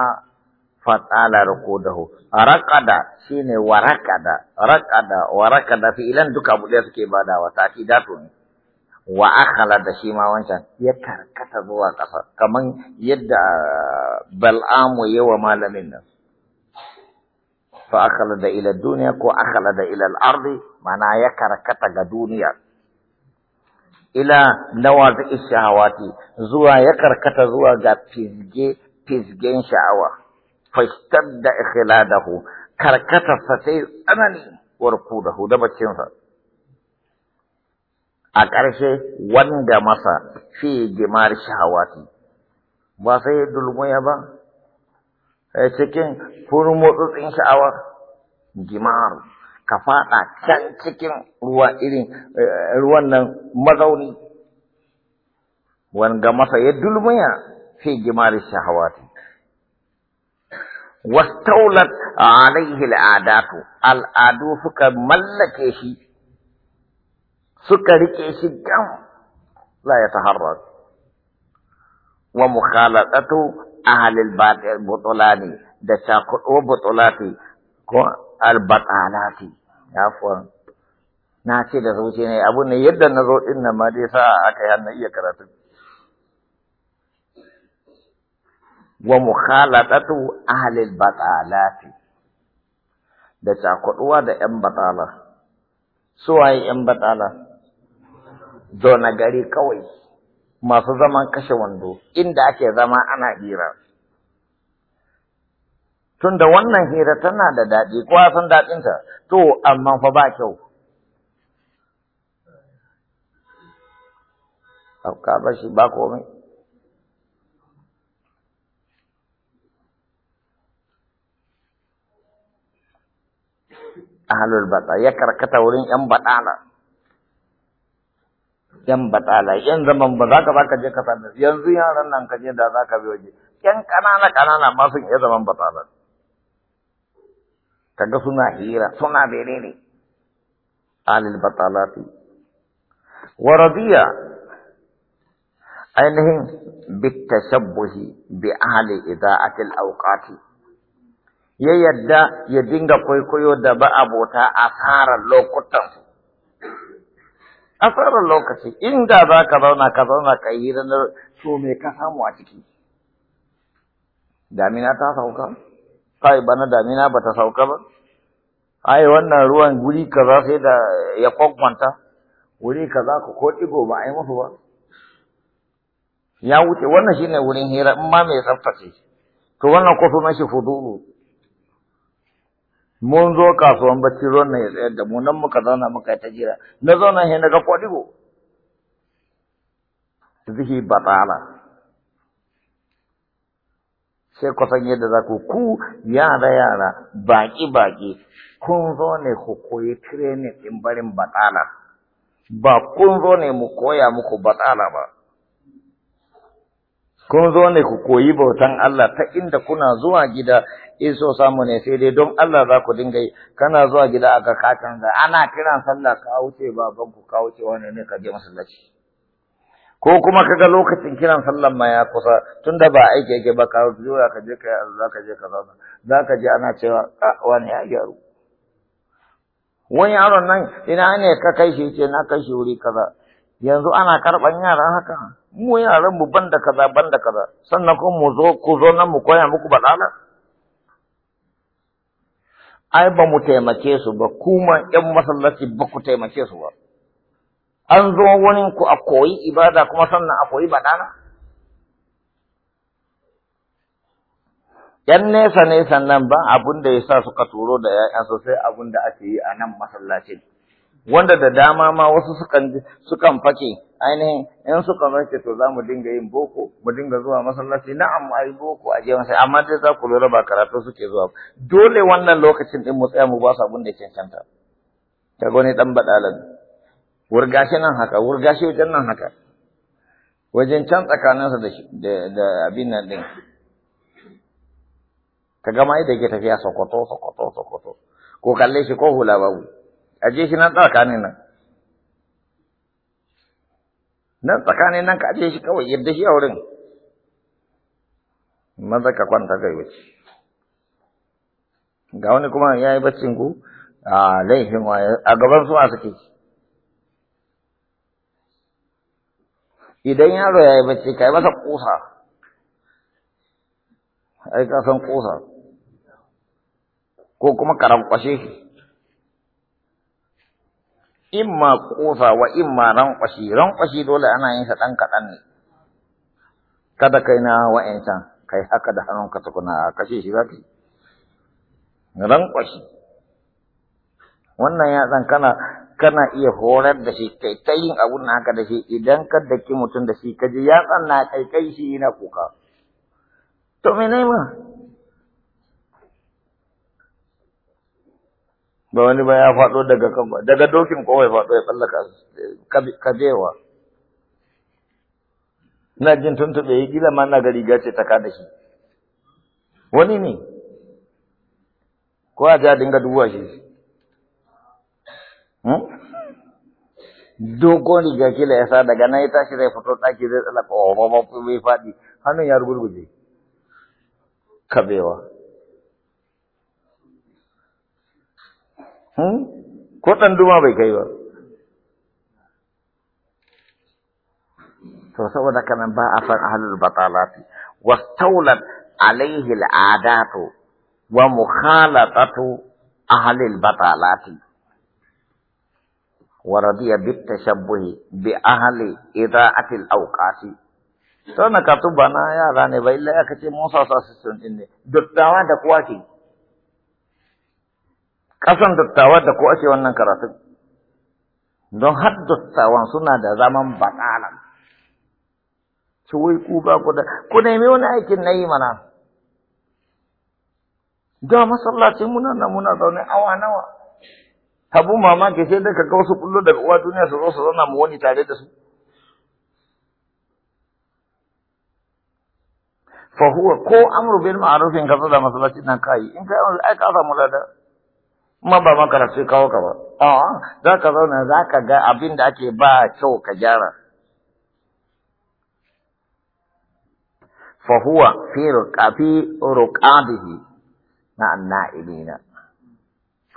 فطال ركوده أرقد شين ورقد رقد ورقد في إلان دوك أبو ليس كي بادا وتاتي داتون وأخل دشيما وانشان يكار كتبوا قصر كمان يد بلعام ويو مال من نفس فأخلد إلى الدنيا كو أخلد إلى الأرض معناه يكار كتب دنيا ila nawazi ishawati zuwa ya karkata zuwa ga fisge fisgen sha'awa da ikhladahu karkata sa sai tsanani warku da sa. a ƙarshe wanda masa fi gimar shahawati ba sai dulmuya ba cikin furmutsutsin sha'awa gimar ka faɗa can cikin ruwa irin ruwan nan mazauni wanga masa ya dulmiya fi gimari shahawati wastaulat alaihi al'adatu al'adu suka mallake shi suka rike shi gam la ya taharrak wa mukhalatatu ahli albatil butulani da shaqo butulati ko albatalati Yafuwan na ce da zuci ne abu ne yadda na zo din nan ma dai sa aka yi hannu iya karatu wa mukhalatatu ahli al-batalati da cakuduwa da yan batala su waye yan batala na gari kawai masu zaman kashe wando inda ake zama ana hira tunda wannan hira tana da daɗi kowa san daɗinta to amma fa ba kyau ka ba shi ba komai ahalul bata ya karkata wurin yan batala yan batala yan zaman ba za ka ba ka je ka same yanzu yaran nan ka je da za ka bi waje yan ƙanana ƙanana masu sun zaman batala kaga suna hira suna menene alil batalati wa radiya ainihin bitashabbuhi bi ahli ida'ati al-awqati ya yadda ya dinga kwaikwayo da ba abota tsara lokutan tsara lokaci inda za ka zauna ka zauna ka yi ranar so me ka samu a ciki damina ta sauka kai bana damina ba ta sauka ba ai wannan ruwan guri kaza sai da ya kwakwanta wuri kaza ku ko digo ba ai musu ba ya wuce wannan shine wurin hira in ma mai tsaftace to wannan kofi mashi fudulu mun zo kasuwan bacci ruwan nan ya tsayar da mu nan muka zauna muka yi ta jira na zauna sai na ga kwadigo zihi batala sai ku san yadda za ku ku yara yara baƙi-baƙi, kun zo ne ku koyi training din barin batsala ba kun zo ne mu koya muku batsala ba kun zo ne ku koyi bautan Allah ta inda kuna zuwa gida in so samu ne sai dai don Allah za ku dinga yi kana zuwa gida aka kakan ga ana kiran sallah ka wuce baban ku ka wuce wani ne ka je masallaci ko kuma ka ga lokacin kiran sallan ma ya kusa tunda ba aiki yake ba ka ya ka je ka za ka je ka zauna za ka je ana cewa a ah, wani ya gyaru wani yaron nan ina ne ka kai shi ce na kai shi wuri kaza yanzu ana karban yara haka mu yaran mu banda kaza banda kaza sannan ko mu zo ku zo nan mu koya muku badala ai ba mu taimake su ba kuma yan masallaci ba ku taimake su ba an zo wurin ku a koyi ibada kuma sannan a koyi banana yan nesa nesa nan ba abun da ya sa suka turo da ya'ya sosai abun da ake yi a nan masallacin wanda da dama ma wasu sukan sukan fake ainihin in suka mace to za mu dinga yin boko mu dinga zuwa masallaci na'am ai boko a je sai amma dai za ku lura ba karatu suke zuwa dole wannan lokacin din mu tsaya mu ba su abin da cancanta ta gani dan badalan wurgashi nan haka wurgashi wajen nan haka wajen can tsakaninsa da abin nan ɗin ka gama yadda yake tafiya sokoto sokoto sokoto ko kalle shi ko hula babu aje shi nan tsakanin nan nan tsakanin nan ka aje shi kawai yadda shi a wurin maza ka kwanta kai wuce ga wani kuma ya yi baccin ku a laifin waye a gaban su a suke idan yaro ya yi bacci kai masa kusa ai ka san kusa ko kuma karam kwashe imma kusa wa imma ran kwashe ran kwashe dole ana yin sa dan kadan ne kada kai na wa'ancan kai haka da hannunka tukuna a kashe shi za ran kwashe wannan yatsan kana kana iya horar da shi kai ta yin abun na haka da shi idan ka daki mutum da shi kaji yatsan na kai kai shi yana kuka to me ne ma ba wani ba ya faɗo daga kan daga dokin ko ya faɗo ya tsallaka kajewa. na jin tuntuɓe yi gila ma na riga ce ta kada shi wani ne ko a ja dinga duba shi Eh? dogon riga kila ya sa daga nan ya tashi zai fito ɗaki zai tsala ƙwaƙwaƙwa mai faɗi hannun ya rugurguje kabewa hmm? ko ɗan duma bai kai ba to saboda kana ba a san ahlul batalati wastaulat alaihi al'adatu wa mukhalatatu ahlil batalati ورضي بالتشبه بأهل إضاءة الأوقات to na katu na yara ne ba illa aka ce Musa sa assistant din ne dattawa da kuwa ke kasan dattawa da kuwa ce wannan karatun don har dattawan suna da zaman batsalan ci wai ku ba ku da ku nemi wani aikin na yi mana Da masallacin muna nan muna zaune awa nawa habu mamaki sai dai kaga wasu kullu daga uwa duniya su zo su zauna mu wani tare da su. Fa huwa ko amru bil ma'ruf in kaza da masallaci nan kai in kai an ai ka samu lada. Kuma ba maka rafi kawo ka ba. a za ka zauna za ka ga abin da ake ba kyau ka gyara. Fa huwa fi ruqabi ruqabihi na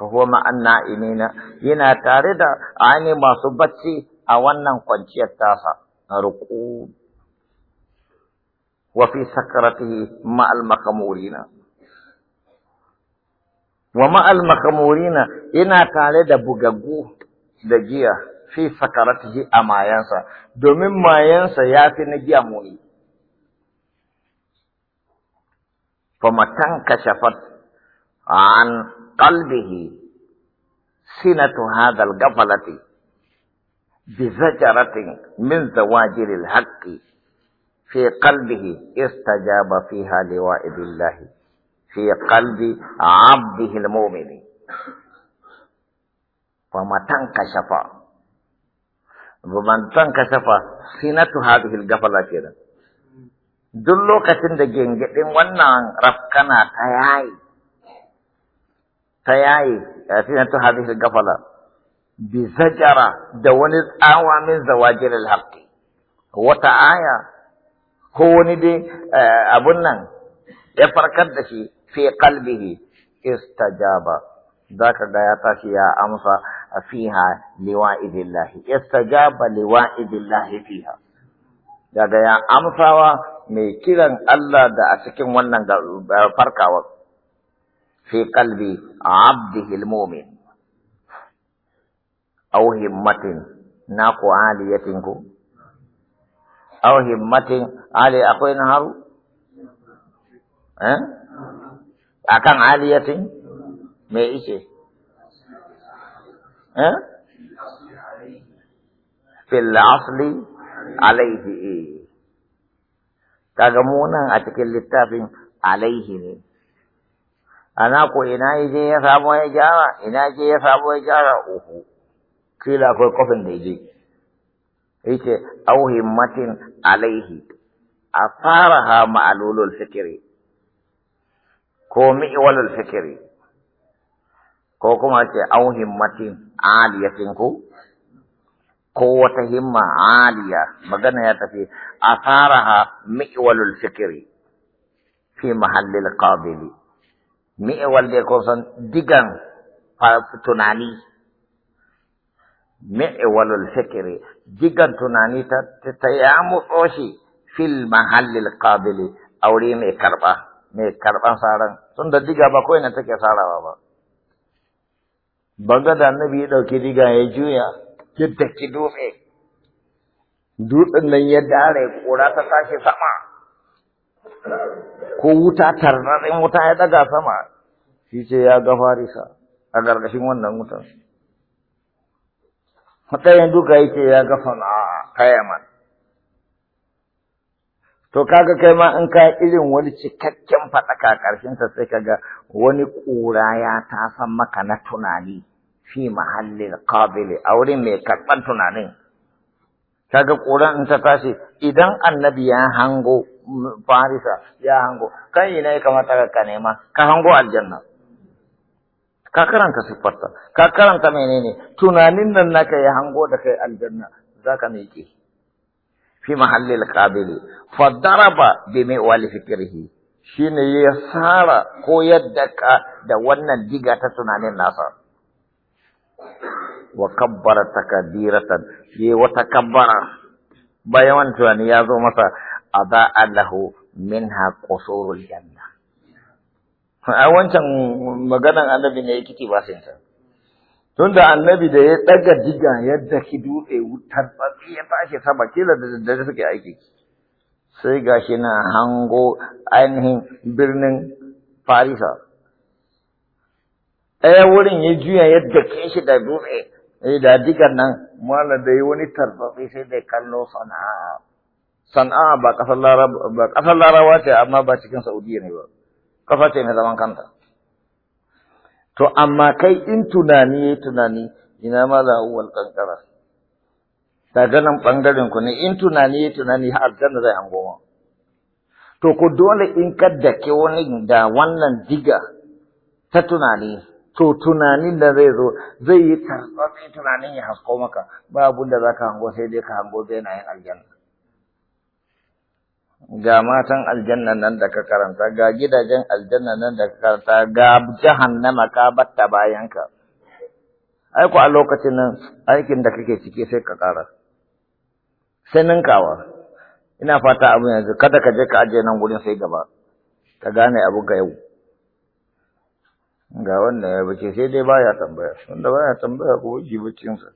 fahuwa ma'an na'imina yana tare da ainihin masu bacci a wannan kwanciyar tasa na ruku wa fi sakaratihi ma'al makamurina wa ma'al yana tare da bugaggu da giya fi sakaratihi a mayansa domin mayansa ya fi na giya muni famatan kashafat an قلبه سنة هذا القفلة بزجرة من زواجر الحق في قلبه استجاب فيها لوائد الله في قلب عبده المؤمن فما تنكشف ومن تنكشف سنة هذه القفلة كده دلو كتن دجين جئن ونان رفقنا تياي ta yaye kafin ta hadisi gafala bi zajara da wani tsawa min zawajir alhaqi wata aya ko wani dai eh, abun nan ya farkar da shi fi qalbihi istajaba zaka ga ya tashi ya amsa fiha liwa'idillahi istajaba liwa'idillahi fiha daga ya amsawa mai kiran Allah da a cikin wannan farkawar fi kalbi abdihil mumin aw himmatin na ko ali yatin ko aw himmatin ali akwai na haru A kan ali yatin me ishe? eh fil asli alaihi kaga munan a cikin littafin alaihi ne ana ko ina je ya samu ya gyara ina je ya samu ya gyara uku kila akwai kofin da je yace au himmatin alaihi a fara ha ma'alulul fikri ko mi'walul fikri ko kuma ce au himmatin aliyatin ku ko wata himma aliya magana ya tafi a fara ha mi'walul fikri fi mahallil qabili mi'ewal walde ko son digan tunani mi'ewalul fikiri digan tunani ta ya shi fil mahallil qabili aure mai karba me karban saran tun da diga ba ko na take sarawa ba banga da annabi ya dauki diga ya juya yadda ki dutse dutsen nan ya dare kura ta tashi sama ko wuta tarrarin wuta ya daga sama shi ce ya ga farisa a gargashin wannan wutan matsayin duka yake ya ga sana'a kayama to kaga kai ma in ka irin wani cikakken faɗaka ƙarshen sa sai kaga wani ƙura ya tasa maka na tunani fi mahallin qabili a wurin mai karɓar tunanin kaga ƙura in ta tashi idan annabi ya hango farisa ya hango kai ina ya kamata ka nema ka hango aljanna ka karanta siffarta ka karanta menene tunanin nan naka ya hango da kai aljanna zaka miƙe fi mahallil qabili fa daraba bi mi'wal fikrihi shine ya sara ko yadda ka da wannan diga ta tunanin nasa wa kabbara takbiratan yi wata kabbara bayan wani tunani ya zo masa أضاء له منها قصور A wancan maganan annabi ne ya kiti Tun tunda annabi da ya daga diga yadda ki dutse wutar tsatsi ya tashi sama kila da da suke aiki sai gashi na hango ainihin birnin farisa ɗaya wurin ya juya yadda ke shi da dutse da diga nan malam da yi wani tarbatsi sai da kallo sana'a sana'a ba kasar laraba ba kasar laraba ce amma ba cikin saudiya ne ba kafa ce mai zaman kanta to amma kai in tunani tunani ina ma za uwal kankara daga nan bangaren ku ne in tunani tunani har aljanna zai hango ma to ku dole in ke wani da wannan diga ta tunani to tunanin da zai zo zai yi tartsatsin tunanin ya hasko maka ba da za ka hango sai dai ka hango zai na yin aljanna ga matan aljanna nan da ka karanta ga gidajen aljanna nan da ka karanta ga jahannama ka batta bayanka ai ku a lokacin nan aikin da kake cike sai ka ƙara sai ninkawa ina fata abu yanzu kada ka je ka aje nan gurin sai gaba ka gane abu ga yau ga wanda ya bace sai dai baya tambaya wanda baya tambaya ko ji sa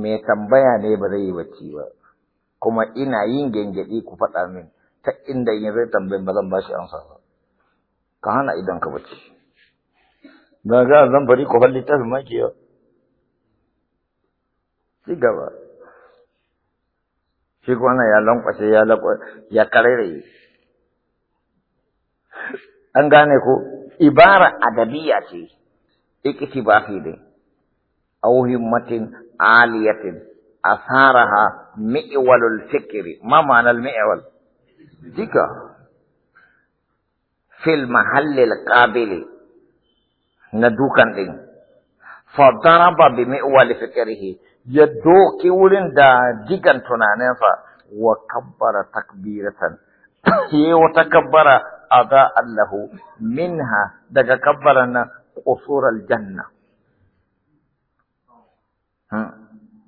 me tambaya ne ba zai yi bacci ba kuma ina yin gyangyaɗi ku faɗa min ta inda yin zai tambayin ba zan ba shi amsa ba ka hana idan ka bace na ga zan bari ku falli ta ma ke ci gaba shi kuma ya lankwashe ya lankwashe ya karere an gane ko ibara adabiya ce ikiti ba fi dai auhimmatin aliyatin أثارها مئول الفكر ما معنى المئول ديكا في المحل القابل ندوكا دين فضرب بمئول فكره يدوكي ولن دا ديكا تنانيفا وكبر تكبيرة وتكبر أضاء له منها دقا كبرنا قصور الجنة ها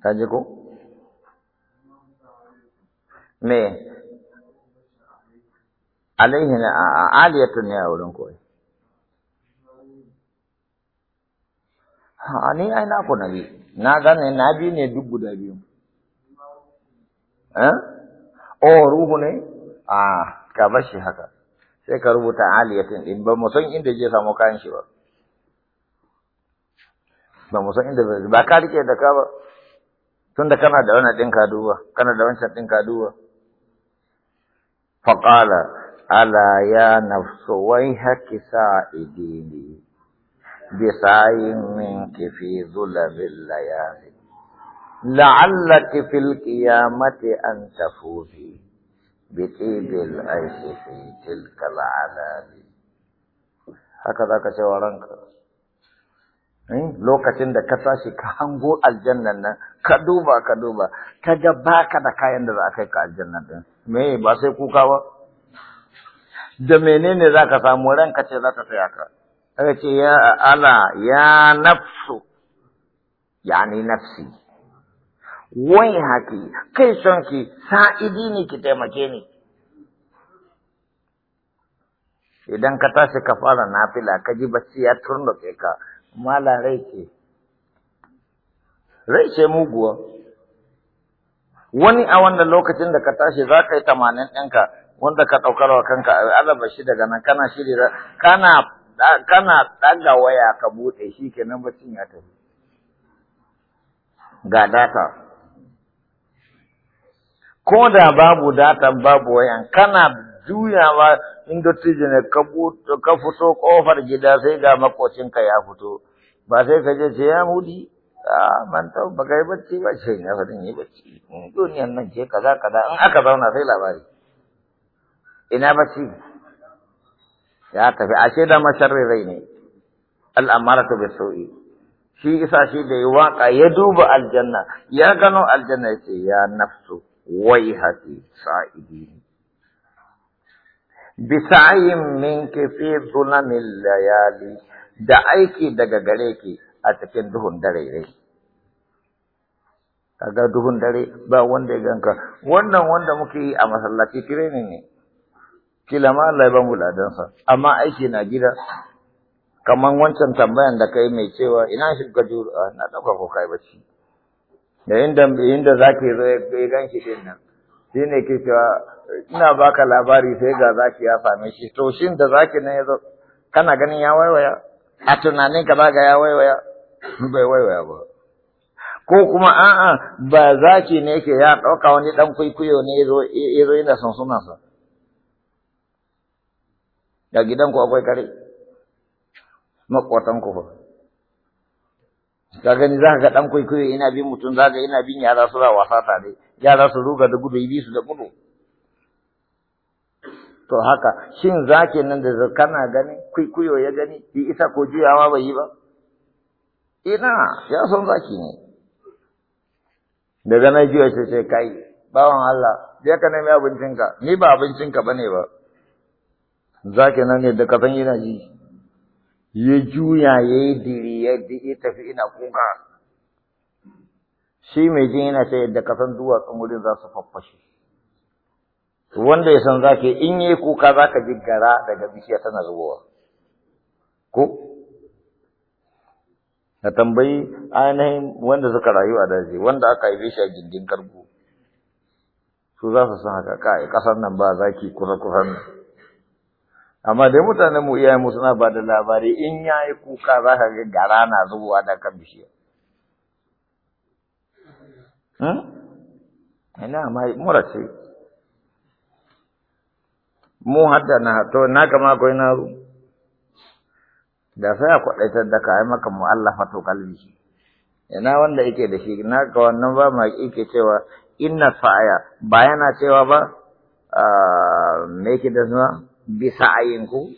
تجيكو me alaihi na aliyatun ne a wurin koyi ha ni ai na ku na bi na gane na bi ne duk guda biyu eh oh ruhu ne a ka bashi shi haka sai ka rubuta aliyatun din ba mu san inda je samu kayan shi ba ba mu san inda ba ka rike da ka ba tunda kana da wannan din ka duba kana da wancan din ka duba فقال ألا يا نفس ويحك سائديني بسعي منك في ذلب الليالي لعلك في القيامة أن تفوزي بطيب العيش في تلك العلالي هكذا كشورانك Eh? lokacin da ka tashi ka hango aljannan nan ka duba ka duba ka ga baka da kayan da za a kai ka aljannan din me ba sai kuka ba da menene za ka samu ka ce za ka saya ka aka ce ya ala ya nafsu yani nafsi wai haki kai son ki sa'idi ne ki taimake ni idan ka tashi ka fara nafila ka ji bacci ya turnuke ka mala rai ce rai muguwa wani a wannan lokacin da ka tashi za ka yi tamanin ɗinka wanda ka ɗaukar wa kanka alaba shi daga nan kana shiri kana kana ɗaga waya ka buɗe shi kenan bacin ya tafi ga data ko da babu data babu wayan kana juyawa in dattijo ne ka fito kofar gida sai ga makocinka ya fito ba sai ka je ce ya mudi a manta ba kai bacci ba ce na fadin yi bacci mm, duniyan nan ce kaza kaza in aka zauna sai labari ina bacci ya tafi ashe da masharri rai ne al'amaratu bisu'i shi isa shi da yi waka ya duba aljanna ya gano aljanna ya ce ya nafsu wai hati sa'idi bisayin minki fi zunamil layali da aiki daga gare ki a cikin duhun dare dai kaga duhun dare ba wanda ya ganka wannan wanda muke yi a masallaci training ne kila ma Allah ya ba ladansa amma aiki na gida Kamar wancan tambayan da kai mai cewa ina shi ka jura ah, na ɗauka ko kai bacci da inda za ki zo ya shi din nan shi ne ke cewa ina baka labari sai ga zaki ya same shi to shin da zaki nan ya zo kana ganin ya waiwaya a tunanin ka ga ya waiwaya <laughs> bai waiwaya ba ko kuma a'a ba zaki ne ke ya ɗauka wani ɗan kwaikwayo ne ya zo ina son suna sa da gidanku akwai kare makwatan ku ba ka gani za ka ga ɗan kwaikwayo ina bin mutum za ka ina bin yara suna wasa tare yara su ruga da gudu bi su da gudu to haka shin ke nan da kana gani kwaikwayo ya gani bi isa ko juyawa bai yi ba ina ya san zaki ne daga na juya ce ce kai bawan Allah je ka nemi abincinka ni ba abincinka bane ba ke nan ne da ka san yana ji ya juya ya yi diri ya tafi ina kuka shi mai jin yana ce yadda kasan duwatsun wurin za su faffashe wanda ya san zaka in yi kuka za ka ji gara daga bishiya tana zubowa ko na tambayi ainihin wanda suka rayu a daji wanda aka haife shi a gindin kargo su za su san haka kai kasar nan ba zaki kusa kusan nan amma dai mutanen mu iyayen mu suna ba da labari in yayi kuka za ka ga gara na zubowa da kan bishiya hmm? ina ma mura ce mu hadda na to na kama akwai ru da sai a kwaɗaitar da kayan maka mu'allafa to kalbi ina wanda yake da shi na ga wannan ba ma yake cewa inna sa'aya ba yana cewa ba ah, me yake da suna bi sa'ayinku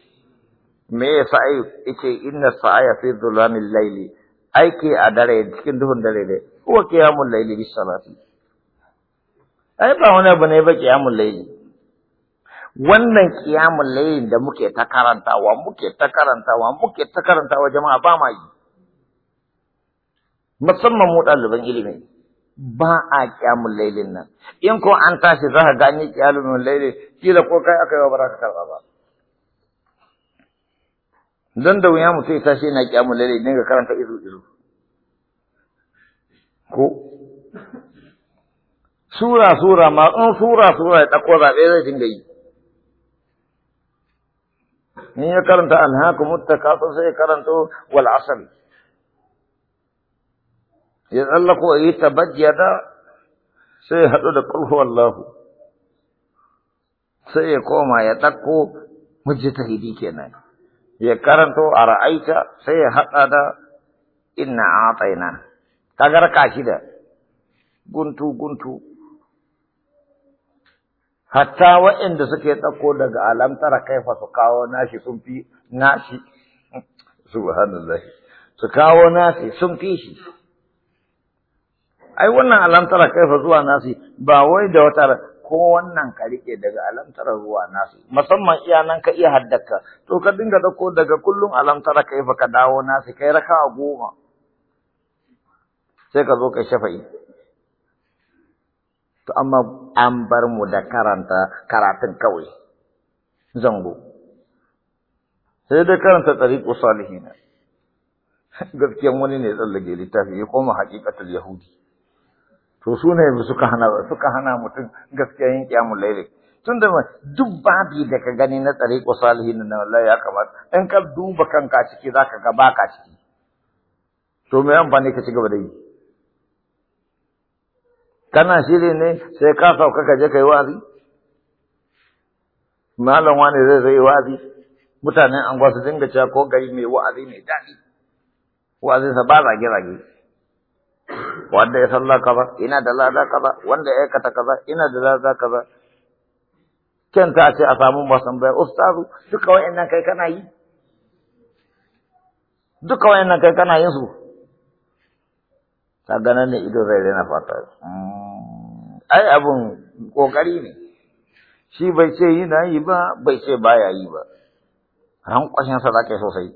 me ya sa'ayi yace inna sa'aya fi dhulamil layli aiki a dare cikin duhun dare ne huwa qiyamul layli bis salati ai ba wani abu ne ba qiyamul layli wannan qiyamul layli da muke ta karantawa muke ta karantawa muke ta karantawa jama'a ba ma yi musamman mu ɗaliban ilimi ba a kyamun lailin nan in ko an tashi za a gani kyamun lailin kila ko kai aka yi wa baraka karɓa ba don da wuya mutum ya tashi yana kyamun lailin dinga karanta izu izu ko sura sura ma in sura sura ya ɗauko zaɓe zai dinga yi in ya karanta alhaku mutaka sai ya karanta wal ya tsallako ya yi da, sai ya haɗu da ƙulhu Allahu sai ya koma ya ta hidi kenan ya karanto a ra'aita sai ya haɗa da inna ataina kaga shi da guntu guntu hatta waɗanda suke ɗakko daga alamtara kaifa su kawo nashi sun fi nashi su kawo nashi sun fi shi ai wannan alamtara fa zuwa nasi ba wai da wata ko wannan ka rike daga alamtara zuwa nasi musamman iya nan ka iya haddaka to ka dinga dako daga kullum alamtara fa ka dawo nasi kai raka goma sai ka zo ka shafa'i to amma an bar mu da karanta karatun kawai zango sai da karanta tariqu salihin <laughs> gaskiyan wani ne tsallage littafi ya koma haqiqatul yahudi to su ne suka hana suka hana mutum gaskiya yin kiyamul layli tunda duk babi da ka gani na ko salihi na wallahi ya kamata in ka duba kanka ciki zaka ga baka ciki to me amfani ka ci gaba da yi kana shiri ne sai ka sauka ka je kai wazi malam wani zai zai wazi mutanen anguwa su dinga cewa ko gari mai wa'azi mai daɗi wa'azinsa ba zage-zage wanda ya salla kaza ina da lada kaza wanda ya aikata kaza ina da lada kaza ta ce a samu masan bai ustazu duka wayannan kai kana yi duka wayannan kai kana yin su ta Gana ne ido zai rena fata hmm. ai abun kokari ne shi bai ce yi na yi ba bai ce baya yi ba ran kwashin sa zake sosai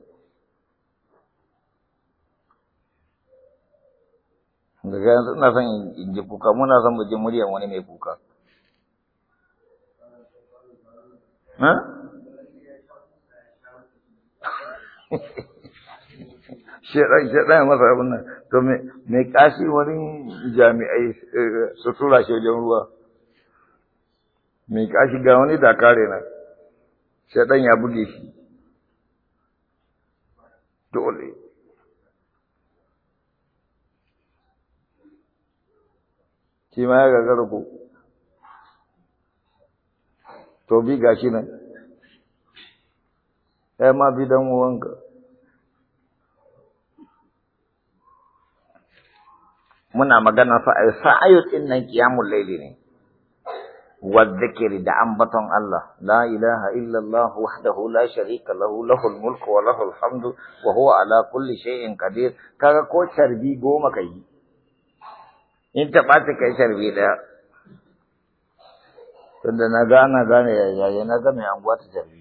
daga san ina son in ji kuka muna son mu ji wani mai kuka ha <laughs> shedan shedan ya masa abin nan to me me kashi wani jami'ai eh, su tura shi wajen ruwa me kashi ga wani da kare na shedan ya buge shi dole shi ma ya gagara ku to bi ya ma bi dan uwanka muna magana fa ay eh, sa'ayut innan qiyamul layli ne wa da ambaton Allah la ilaha illa Allah la sharika lahu lahul mulku wa lahul hamdu wa ala kulli shay'in qadir kaga ko carbi, goma kai in ta ɓaci kai sharbi ɗaya tunda na ga ana gane yaya na ga mai anguwa ta sharbi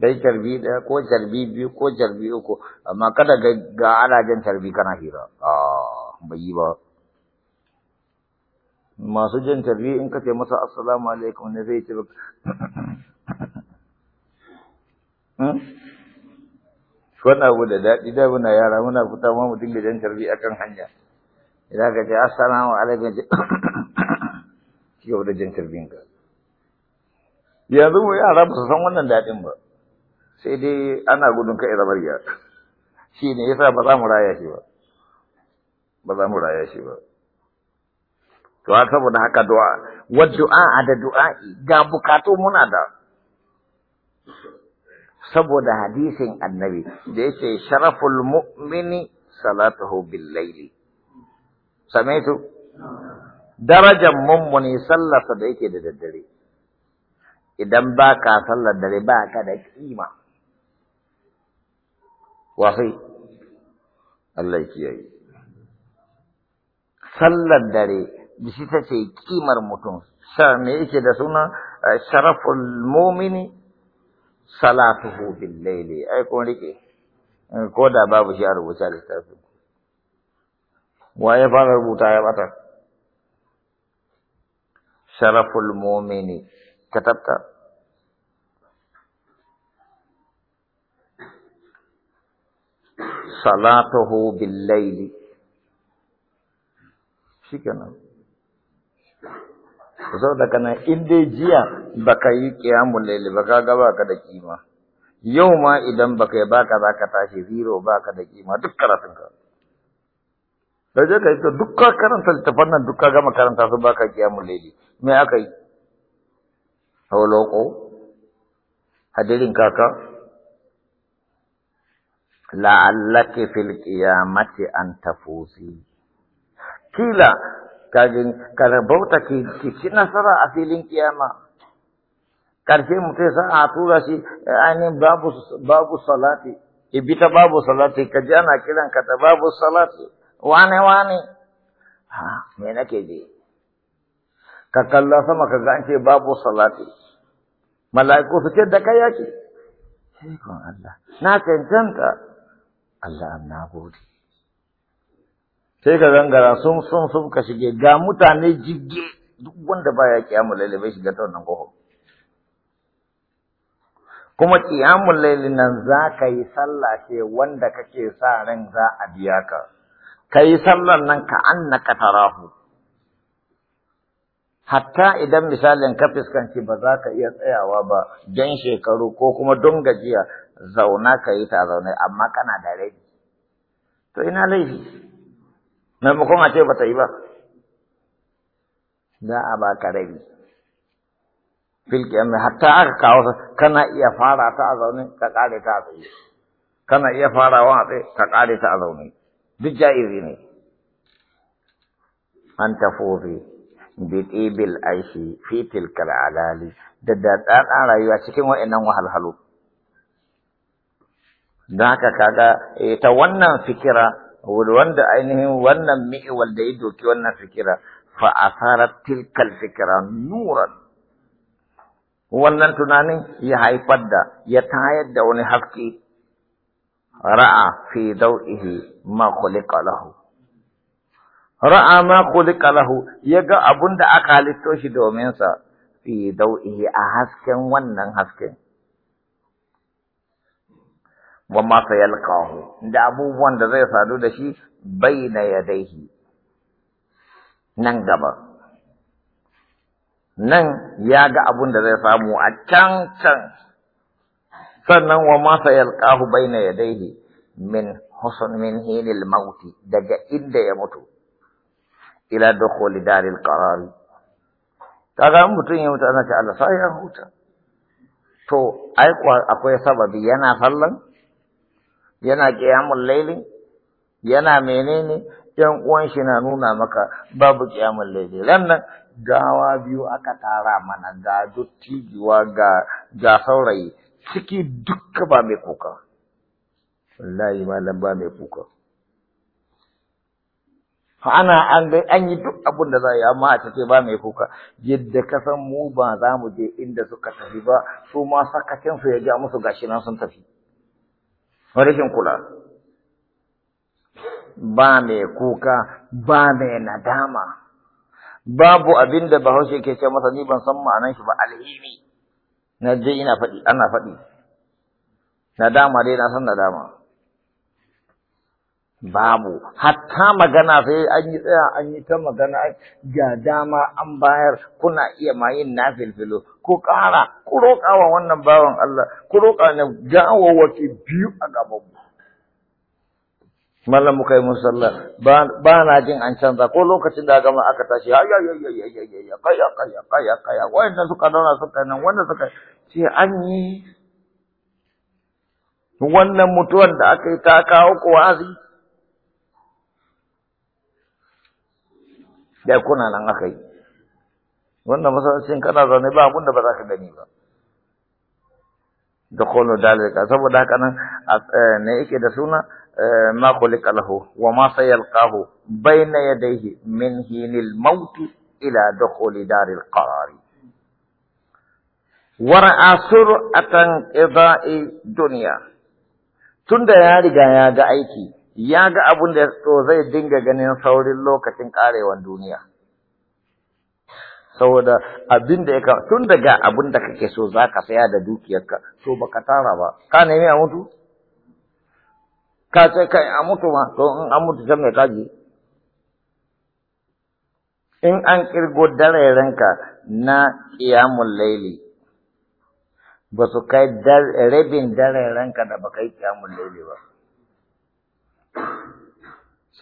kai hmm? sharbi ɗaya ko sharbi biyu ko sharbi uku amma kada ga ana jan sharbi kana hira a ah, bai yi ba masu jan sharbi in ka ce masa assalamu alaikum ne zai ce <laughs> hmm? wannan abu da daɗi da muna yara muna fita ma mutum da jan sharbi akan hanya idan ka ce assalamu alaikum <coughs> ki gaba da jin turbin ka yanzu mu yara ba su san wannan daɗin ba sai dai ana gudun kai zama riya shi ne yasa ba za mu raya shi ba ba za mu raya shi ba to saboda haka du'a wa du'a ada du'a ga bukatu muna da saboda hadisin annabi da yake sharaful mu'mini salatuhu bil laili tu darajar mummuni sallarsa da yake da daddare idan ba ka sallar dare ba ka da kima wasai Allah kiyaye sallar dare shi ta ce kimar mutum sa me yake da suna eh, sharaful mumini salatuhu bil laili ai kun rike eh, ko da babu shi a rubuta littafin wa ya fara rubuta ya bata sharaful mu'mini katabta salatuhu bil layli shikenan saboda kana in dai jiya baka yi qiyamul layli baka ga baka da kima yau ma idan baka yi baka zaka tashi zero baka da kima duk karatun ka da je kai to dukka karanta littafan nan dukka gama karanta su baka kiyamul laili me aka yi holoko hadirin kaka la'allaki fil qiyamati an tafuzi kila kagin karabauta ki ki nasara a filin kiyama karshe mutai sa a tura shi ainihin babu babu salati ibita babu salati kaji ana kiran ka ta babu salati wane wane ha me nake je ka kalla sama ka ga an ce babu salati mala'iku su ce da kai yake sai Allah na cancanta Allah na gode sai ka gangara sun sun sun ka shige ga mutane jigge duk wanda baya kiyamu lalle bai shiga ta wannan kofar kuma kiyamun laili nan za ka yi sallah ce wanda kake sa ran za a biya ka ka yi sallar nan ka annaka tarahu hatta idan misalin ka fuskanci ba za ka iya tsayawa ba don shekaru ko kuma don gajiya zauna ka yi ta zaune amma kana da rai to ina laifi maimakon a ce ba ta yi ba za a ba ka ra'i. fil mai hatta aka kawo kana iya fara ta a zaune ka kare ta a tsaye kana iya farawa a tsaye ka kare ta a zaune بالجائرين أن تفوري بالإيب الأيش في تلك العلال دادات أنا لا يواسكين وإنهم هل هلو ذاك كذا يتوانا فكرة ولوان دا أينهم وانا مئي والدئيدو كي وانا فكرة فأثارت تلك الفكرة نورا وانا تناني يهيبادا يتايد دوني حقيت ra'a fi dau'ihi ma khuliqa lahu ra'a ma khuliqa lahu yaga abun da aka halitto shi domin sa fi dau'ihi a hasken wannan hasken wa ma sayalqahu da abubuwan da zai sadu da shi baina yadaihi nan gaba nan ya ga abun da zai samu a can can sannan wa ma yalqahu bayna yadayhi min husn min hinil maut daga inda ya mutu ila dukhuli daril qarar kaga mutum ya mutu ana Allah sai ya huta to ai akwai sababi yana sallan yana qiyamul layli yana menene yan uwan shi na nuna maka babu qiyamul layli lannan gawa biyu aka tara mana ga dottijuwa ga ga saurayi ciki dukka ba mai kuka wallahi malam ba mai kuka ana an ga an yi duk abin da za a yi amma a ce ba mai kuka yadda kasan mu ba za mu je inda suka tafi ba su ma sakacin ya ja musu gashi nan sun tafi rashin kula ba mai kuka ba mai nadama babu abin da bahaushe ke ce masa ni ban san ma'anan shi ba alhimi na je ina faɗi ana faɗi na dama dai na san na dama babu hatta magana sai an yi tsaya an yi ta magana ga dama an bayar kuna iya ma yin na filfilo ko ƙara ku roƙawa wannan bawan Allah ku roƙa na gawawwaki biyu a gabanmu mallam muka yi musalla ba na jin an canza ko lokacin da gama aka tashi ya ya ya ya ya ya ya kaya kaya kaya kaya wanda suka dauna suka nan wanda suka ce an yi wannan mutuwan da aka yi ta kawo kuwazi da kuna nan aka yi wannan masallacin kana zaune ba abin da ba za ka gani ba da kolo dalilka saboda haka nan eh, ne yake da suna Eh, ma khuliqalahu wa ma sayalqahu bayna yadayhi min hinil maut ila dukhuli daril qarari war asur atan idai dunya tunda ya riga ya ga aiki ya ga abun da to zai dinga ganin saurin lokacin karewan duniya saboda abin da ya tun daga abun da kake so zaka saya da dukiyarka to baka tara ba ka nemi a mutu ka ce kai a mutu ma to in an mutu can mai kaji in an kirgo darerenka na ƙiyamun laili ba su kai rabin darerenka da ba kai ƙiyamun laili ba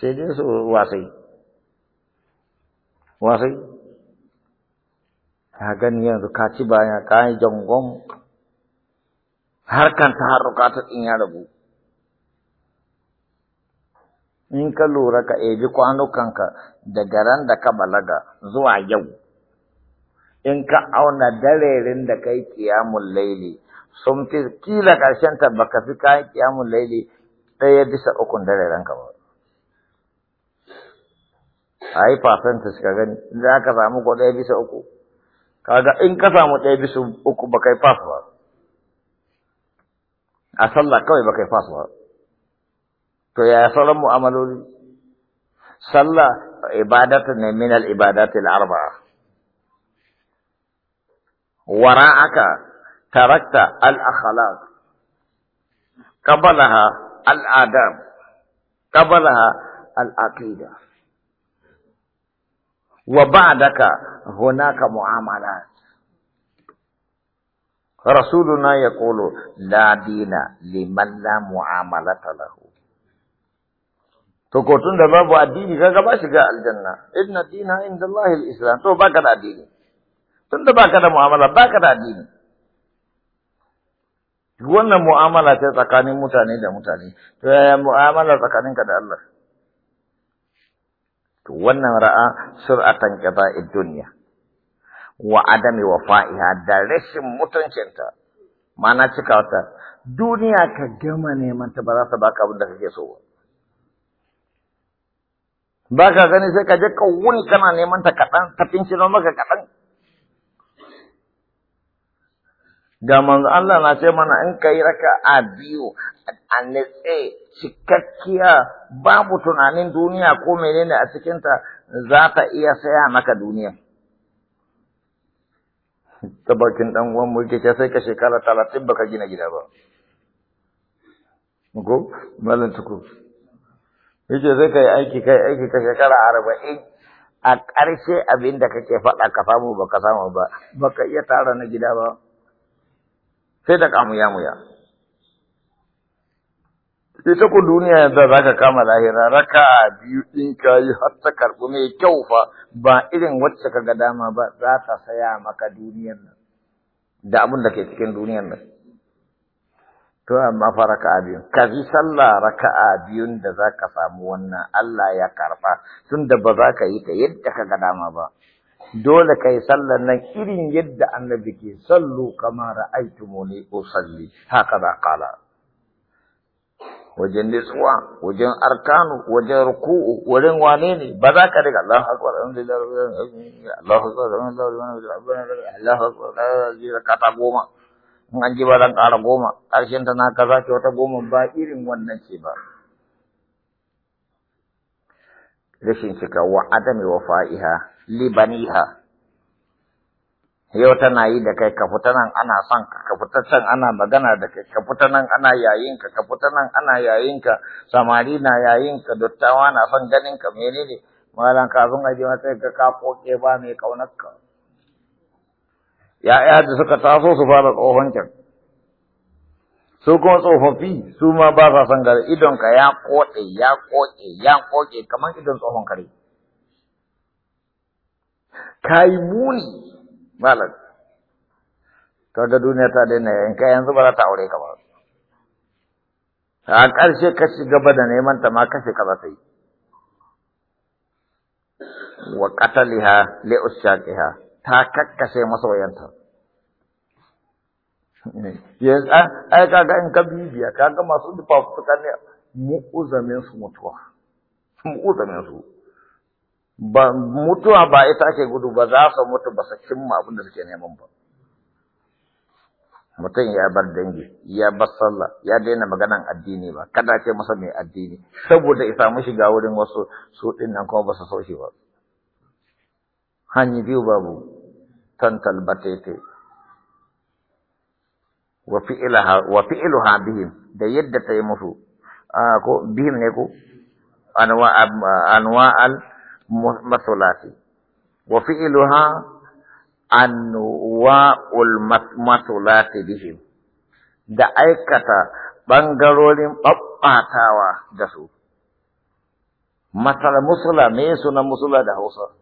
sai dai su wasai wasai ka gani yanzu ka ci baya ka yi jangon harkan ta haruka ta tsin ya rabu in ka lura ka ebi kwanukanka daga ran da ka balaga zuwa yau in ka auna darerin da kai kiyamun laili sun fi kila ƙarshen ta baka fi kayan kiyamun laili ɗaya bisa ukun dareren ka ba a yi fafenta suka gani za ka samu ko ɗaya bisa uku kaga in ka samu ɗaya bisa uku ba kai fas ba a sallah kawai ba kai fas ba تو يا سلام عملولي صلى عبادة من العبادات الأربعة وراءك تركت الأخلاق قبلها الآداب قبلها العقيدة وبعدك هناك معاملات رسولنا يقول لا دين لمن لا معاملة له to ko da babu addini kaga ba shiga aljanna inna dina Allah alislam to baka da addini tun da baka da mu'amala baka da addini wannan mu'amala ta tsakanin mutane da mutane to yaya mu'amala tsakaninka da Allah to wannan ra'a sur'atan qada'id duniya wa adami fa'iha da rashin mutuncinta mana cika wata duniya ka gama neman ta ba za ta baka abin da kake so ba ba ka gani sai ka je ka wuni kana neman ta kaɗan ta fincino maka kaɗan Ga manzo Allah na ce mana in ka yi raka a biyu a nitse cikakkiya babu tunanin duniya ko menene a cikinta za ta iya saya maka duniya. Ta bakin ɗan uwan mulki ke sai ka shekara talatin baka gina gida ba. Ko? Malam tukur. yace sai kai aiki kai aiki ta shekara arba'in a ƙarshe abin da kake faɗa ka samu ba ka samu ba baka iya tara na gida ba sai da ka muya ita ku duniya da za ka kama lahira raka biyu ɗin ka yi har ta karɓi mai kyau fa ba irin wacce ka ga dama ba za ta saya maka duniyar nan da abin da ke cikin duniyar nan to amma fa raka'a biyu ka bi sallah raka'a biyun da za ka samu wannan Allah ya karba tunda ba za ka yi ta yadda ka ga dama ba dole kai sallah nan irin yadda annabi ke sallu kama ra'aytumuni usalli haka ba qala wajen nitsuwa, wajen arkanu, wajen ruku'u, wajen wane ne, ba za ka riga Allah akwai alhamdulillah, in an ji ba zan ƙara goma ƙarshen ta na kaza ce wata goma ba irin wannan ce ba rashin shiga wa adami wa fa'iha libaniha yau tana yi da kai ka fita nan ana son ka ka fita can ana magana da kai ka fita nan ana yayin ka ka fita nan ana yayin ka samari na yayin ka dottawa na son ganin ka menene malam kafin aji ma sai ka ka koke ba mai kaunar ka ya'ya da suka taso su fara tsohon can su kuma tsofaffi su ma ba sa son gare idonka ya koɗe ya koke ya koke kamar idon tsohon kare ka yi muni malam kaga duniya ta daina yanka yanzu ba za ta aure ka ba a ƙarshe ka shiga gaba da neman ta ma kashe ka ta yi wa qataliha li ta kakkashe masoyanta ai kaga in ka bibiya kaga masu dufafuka ne mu'uzamin su mutuwa mu'uzamin su ba mutuwa ba ita ake gudu ba za su mutu ba su cimma abin da suke neman ba mutum ya bar dangi ya bar sallah ya daina maganan addini ba kada ce masa mai addini saboda isa mu shiga wurin wasu su din nan kuma ba su so shi ba hanyi biyu babu tantal batete wa fi'laha wa fi'luha bihim da yadda ta yi musu ko bihim ne ko anwa anwa al masulati wa fi'luha anwa'ul masulati bihim da aikata bangarorin babbatawa da su masal musula me sunan musula da Hausa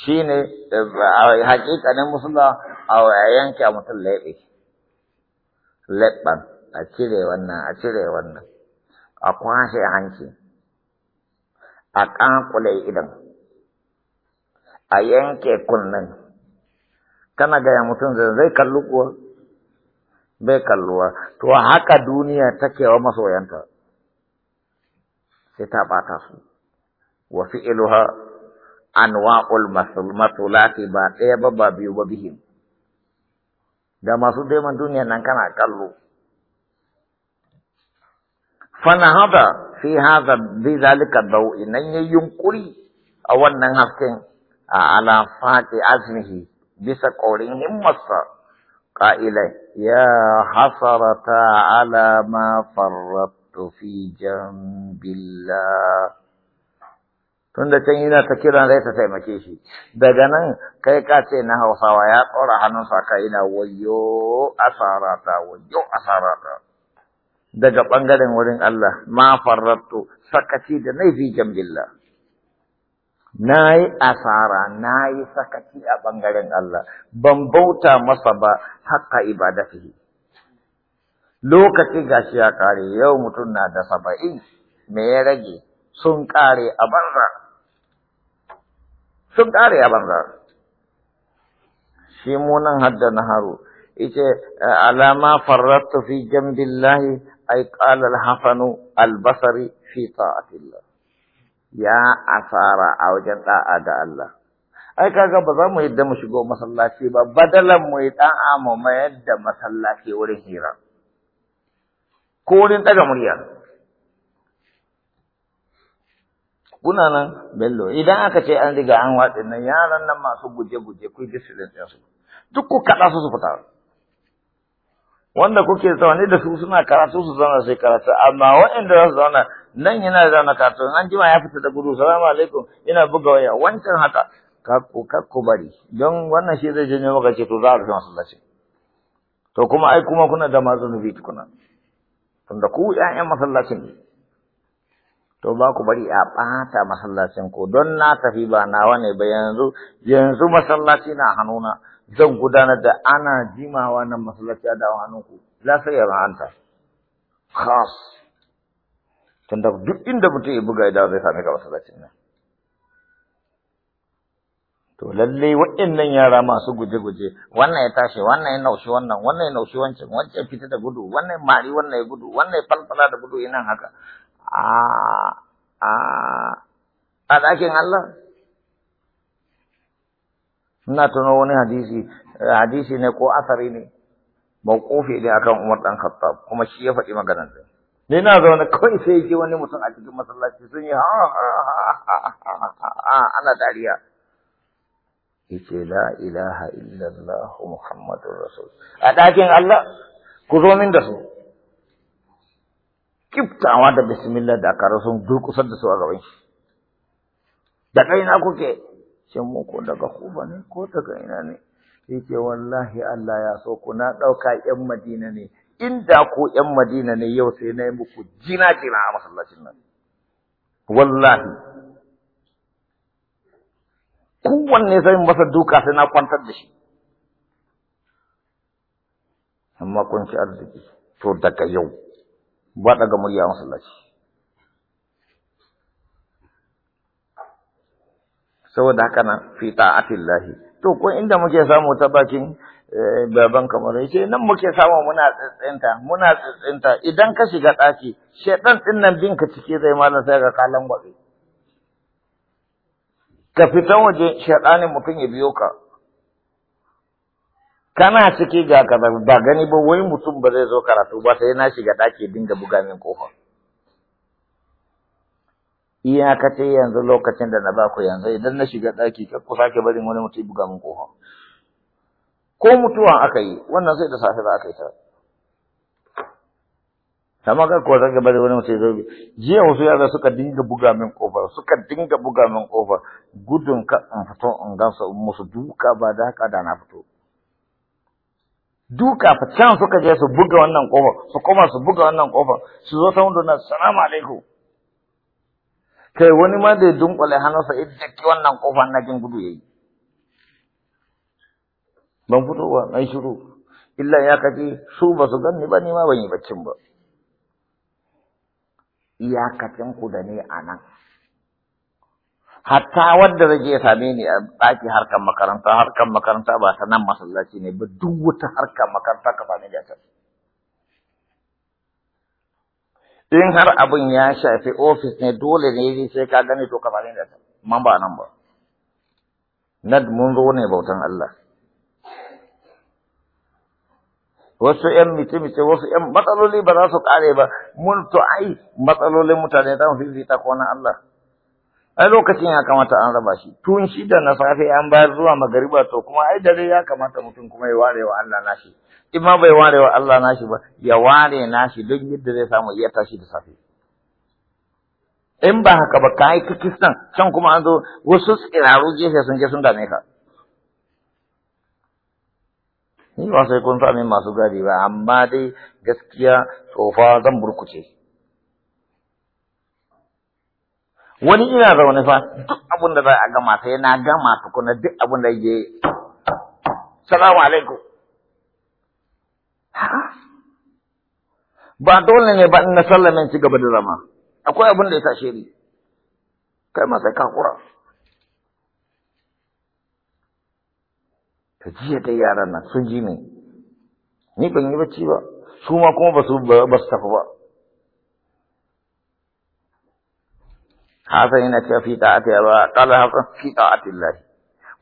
shi ne ne musulma a yanke a mutum laɓe leɓɓan a cire wannan a cire wannan a kwashe hanci a ƙanƙule idan a yanke kunnen kana gaya mutum zai kallu kuwa bai kalluwa to haka duniya take wa masoyanta sai ta ɓata su wa iluha anwa'ul matulati ba ɗaya ba ba biyu ba bihim da masu daiman duniya nan kana kallo fana haza fi haza bi zalika dau nan yayi yunkuri a wannan hasken a ala faqi azmihi bisa korin himmarsa qaila Ya hasarata ala ma فرطت fi jambillah Tunda can yana ta kira zai ta taimake shi daga nan kai ka ce na hausawa ya tsora sa ka ina wayo asarata wayo asarata daga ɓangaren wurin Allah ma farrattu sakaci da naifi jambillah na yi asara na yi sakaci a ɓangaren Allah, ban bauta masa ba haka ibadatihi. Lokaci gashi ya ƙare, yau mutum na da saba'in, me ya rage, sun ƙare a banza. sun ƙare a banza shi munan hadda na haru ice alama farrattu fi jambillahi ay qala al-hafanu al-basri fi ta'atillah ya asara a wajen da'a da Allah ai kaga ba za mu yadda mu shigo masallaci ba badalan mu yi amma mayar da masallaci wurin hira ko wurin daga murya kuna nan bello idan aka ce an riga an watsi nan yaran nan masu guje-guje ku discipline ɗin su duk ku kaɗa su su fita wanda kuke zaune da su suna karatu su zauna sai karatu amma waɗanda za su zauna nan yana zauna karatu an jima ya fita da gudu salamu alaikum ina buga waya wancan haka kakku kakku bari don wannan shi zai janyo maka ce to za a rufe masallaci to kuma ai kuma kuna da mazunubi tukuna tunda ku yayan masallacin ne to ba ku bari a ɓata masallacin ku don na tafi ba nawa ne ba yanzu yanzu masallaci na hannuna zan gudanar da ana jimawa nan masallaci a dawon ku za su yi ra'anta khas tunda duk inda mutum ya buga idan zai sami ka masallacin nan To lalle waɗannan yara masu guje-guje, wannan ya tashi, wannan ya naushi wannan, wannan ya naushi wancan, wancan fita da gudu, wannan mari, wannan ya gudu, wannan ya falfala da gudu ina haka. a yang Allah ina tuno wani hadisi Hadis ne ko asari ne mawqufi ne akan Umar dan Khattab kuma shi ya faɗi maganar da ni zaune kawai sai ji wani mutum a cikin masallaci sun yi ha ha ana dariya yace la ilaha illallah muhammadur rasul a ɗakin Allah ku zo min da kiftawa da bismillah da aka sun durkusar da su a gaban shi da kaina kuke shin mu ko daga kuba ne ko daga ina ne yake wallahi Allah ya so ku na ɗauka ‘yan Madina ne, inda ku ‘yan Madina ne yau sai na yi muku jina-jina a masallacin nan. Wallahi, kowanne sai masa duka sai na kwantar da shi. Amma kun ci arziki, to daga yau. ba daga murya masallaci saboda haka nan fi ta'atillahi to ko inda muke samu ta bakin eh, baban kamar yace nan muke samu muna tsintsinta muna tsintsinta idan ka shiga daki shedan din nan bin ka cike zai malam sai ka kalan gwabe ka fita waje shedanin mutum ya biyo ka kana ciki ga kaza ba gani ba wai mutum ba zai zo karatu ba sai na shiga ɗaki dinga buga min kofa ce yanzu lokacin da na ba ku yanzu idan na shiga ɗaki ka ku sake barin wani mutum buga min kofa ko mutuwa aka yi wannan sai da safe za aka yi ta sama ka ko zaka bari wani mutum zo jiya wasu yara suka dinga buga min kofa suka dinga buga min kofa gudun ka in fito in gansa musu duka ba da haka da na fito duka fa can suka je su buga wannan kofa su koma su buga wannan kofa su zo ta wunduna salamu alaikum kai wani ma da ya dunkule hannunsa ya jaki wannan kofa na jin gudu yayi ban fito ba na shiru illa ya kaji su ba su ganni ba ni ma ban yi baccin ba iyakacin ku da ni a nan hatta wanda zai je same ni a ɗaki harkar makaranta harkar makaranta ba ta nan masallaci ne ba duk wata harkar makaranta ka same ni a can in har abin ya shafi ofis ne dole ne sai ka gane to ka same ni a can man ba nan ba nad mun zo ne bautan Allah wasu ‘yan mice-mice, wasu ‘yan matsaloli ba za su ƙare ba, mun to ai matsalolin mutane ta mafi zita ko Allah. ai lokacin ya kamata an raba shi tun shi da na safe an bayar zuwa magariba to kuma ai dare ya kamata mutum kuma ya ware wa Allah nashi in ma bai ware wa Allah nashi ba ya ware nashi duk yadda zai samu iya tashi da safe in ba haka ba ka yi kikistan can kuma an zo wasu tsiraru gefe sun je sun dame ka ni ba sai kun sami masu gadi ba amma dai gaskiya tsofa zan burkuce wani ina zaune fa duk abin da za a gama sai na gama tukuna duk abin da ya salamu alaikum ba dole ne ba in na sallame ci gaba da zama akwai abin da ya tashe ni kai ma sai ka kura ta jiya dai yaran nan sun ji ni ni ban yi bacci ba su ma kuma ba su tafi ba hasan yana cewa fi ta'ati ba qala hasan fi ta'ati Allah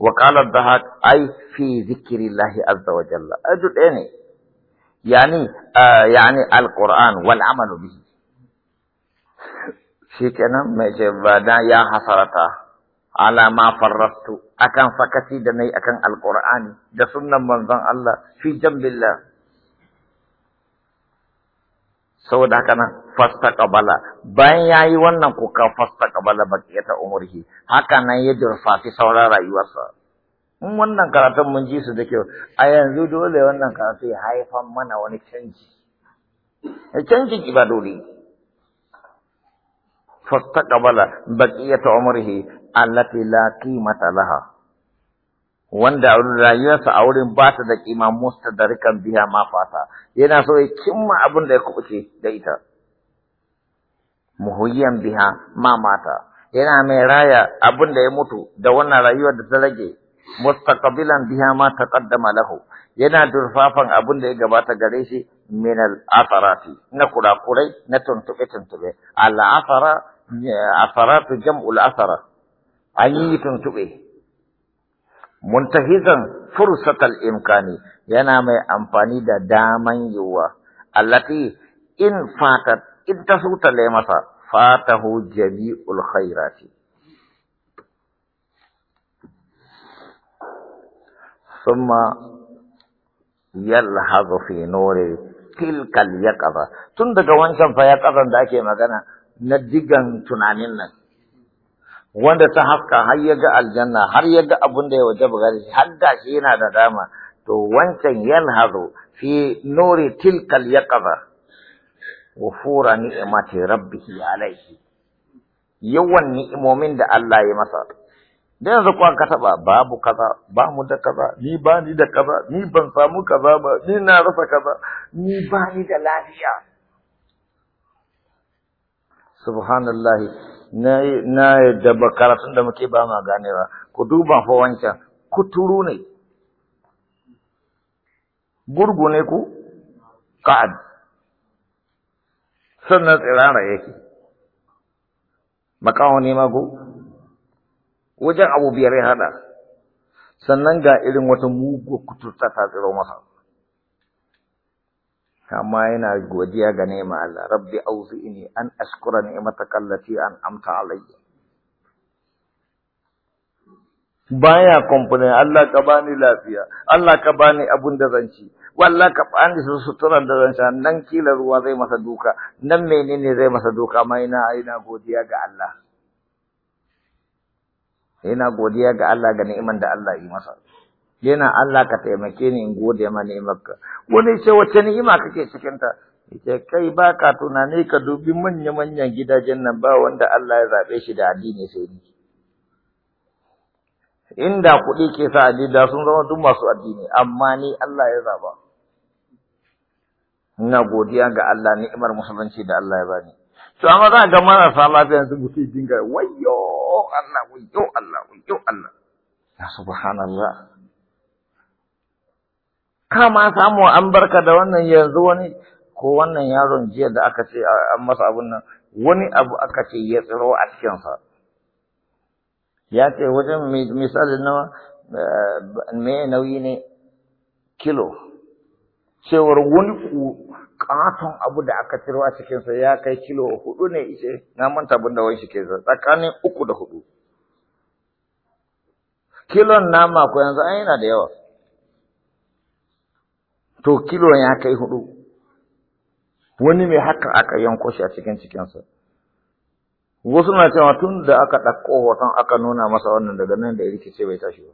wa qala dhahak ai fi zikri Allah azza wa jalla adu ɗaya ne yani yani alquran wal amalu bihi shikenan mai ce ba ya hasarata alama ma akan sakati da nayi akan alqur'ani da sunnan manzon Allah fi jambillah saboda haka nan fastaqbala bayan yayi wannan kuka fastaqbala baqiyata umrihi haka nan ya durfafi sauran rayuwarsa in wannan karatun mun ji su da kyau a yanzu dole wannan karatu ya haifan mana wani canji eh, ya canji ibadori fastaqbala baqiyata umrihi allati la qimata laha wanda rayuwarsa a wurin ba ta da kima rikan biya ma fata yana so ya cimma abin da ya kubuce da ita muhuyyan biya ma mata yana mai raya abin da ya mutu da wannan rayuwar da ta rage mustaqbilan biya ma ta taqaddama lahu yana durfafan abin da ya gabata gare shi minal asarati na kurakurai na tuntube tuntube al-athara eh, jam'ul asara an yi tuntube muntahizan fursatal imkani yana mai amfani da daman yiwuwa allati in fatat in ta sutale masa fatahu jami'ul khairati summa yalhazu fi nuri tilkal yaqaza tun daga wancan fa yaqazan da ake magana na digan tunanin nan wanda ta haska har ya ga aljanna har ya ga abin da ya waje bugari har da shi yana da dama to wancan yanharu fi nuri tilkal yaqaba wufura ni'mati ya alayhi yawan ni'imomin da Allah ya masa da yanzu kuwa ka taba babu kaza ba mu da kaza ni ba ni da kaza ni ban samu kaza ba ni na rasa kaza ni ba ni da lafiya subhanallahi na yadda ba karatun da muke ba ma ba ku duba fa wancan kuturu ne gurgu ne ku ka'ad sannan tsirara yake makaho ne ma ku wajen abu biyar ya hada sannan ga irin wata mugu kuturta ta tsiro masa amma yana godiya ga nema Allah rabbi auzi'ini an ashkura ni'mataka allati an amta alayya baya kumfune Allah ka bani lafiya Allah ka bani abun da zan ci wallah ka bani su suturan da zan sha nan kila ruwa zai masa duka nan menene zai masa duka amma ina ina godiya ga Allah ina godiya ga Allah ga ni'iman da Allah yi masa yana Allah ka taimake ni in gode ma ni'imarka wani ce wacce ni'ima kake cikin ta yace kai baka tunani ka dubi manya manyan gidajen nan ba wanda Allah ya zabe shi da addini sai ni inda kuɗi ke sa addini sun zama duk masu addini amma ni Allah ya zaba ina godiya ga Allah ni'imar musulunci da Allah ya bani to amma za ga marasa lafiya yanzu, mutu dinga wayyo Allah wayyo Allah wayyo Allah subhanallah ka ma samu an barka da wannan yanzu wani ko wannan yaron jiya da aka ce an masa abun nan wani abu aka ce ya tsiro a cikinsa ya ce wajen misali na eh, me nauyi ne kilo cewar wani katon abu da aka tsiro a cikinsa ya kai kilo hudu ne ice na manta abin da wani ke tsakanin uku da hudu kilon nama ko yanzu an yana da yawa to kilo ya kai hudu wani mai haka aka yanko shi a cikin cikinsa wasu na cewa tun da aka ɗauko hoton aka nuna masa wannan daga nan da rikice bai tashi ba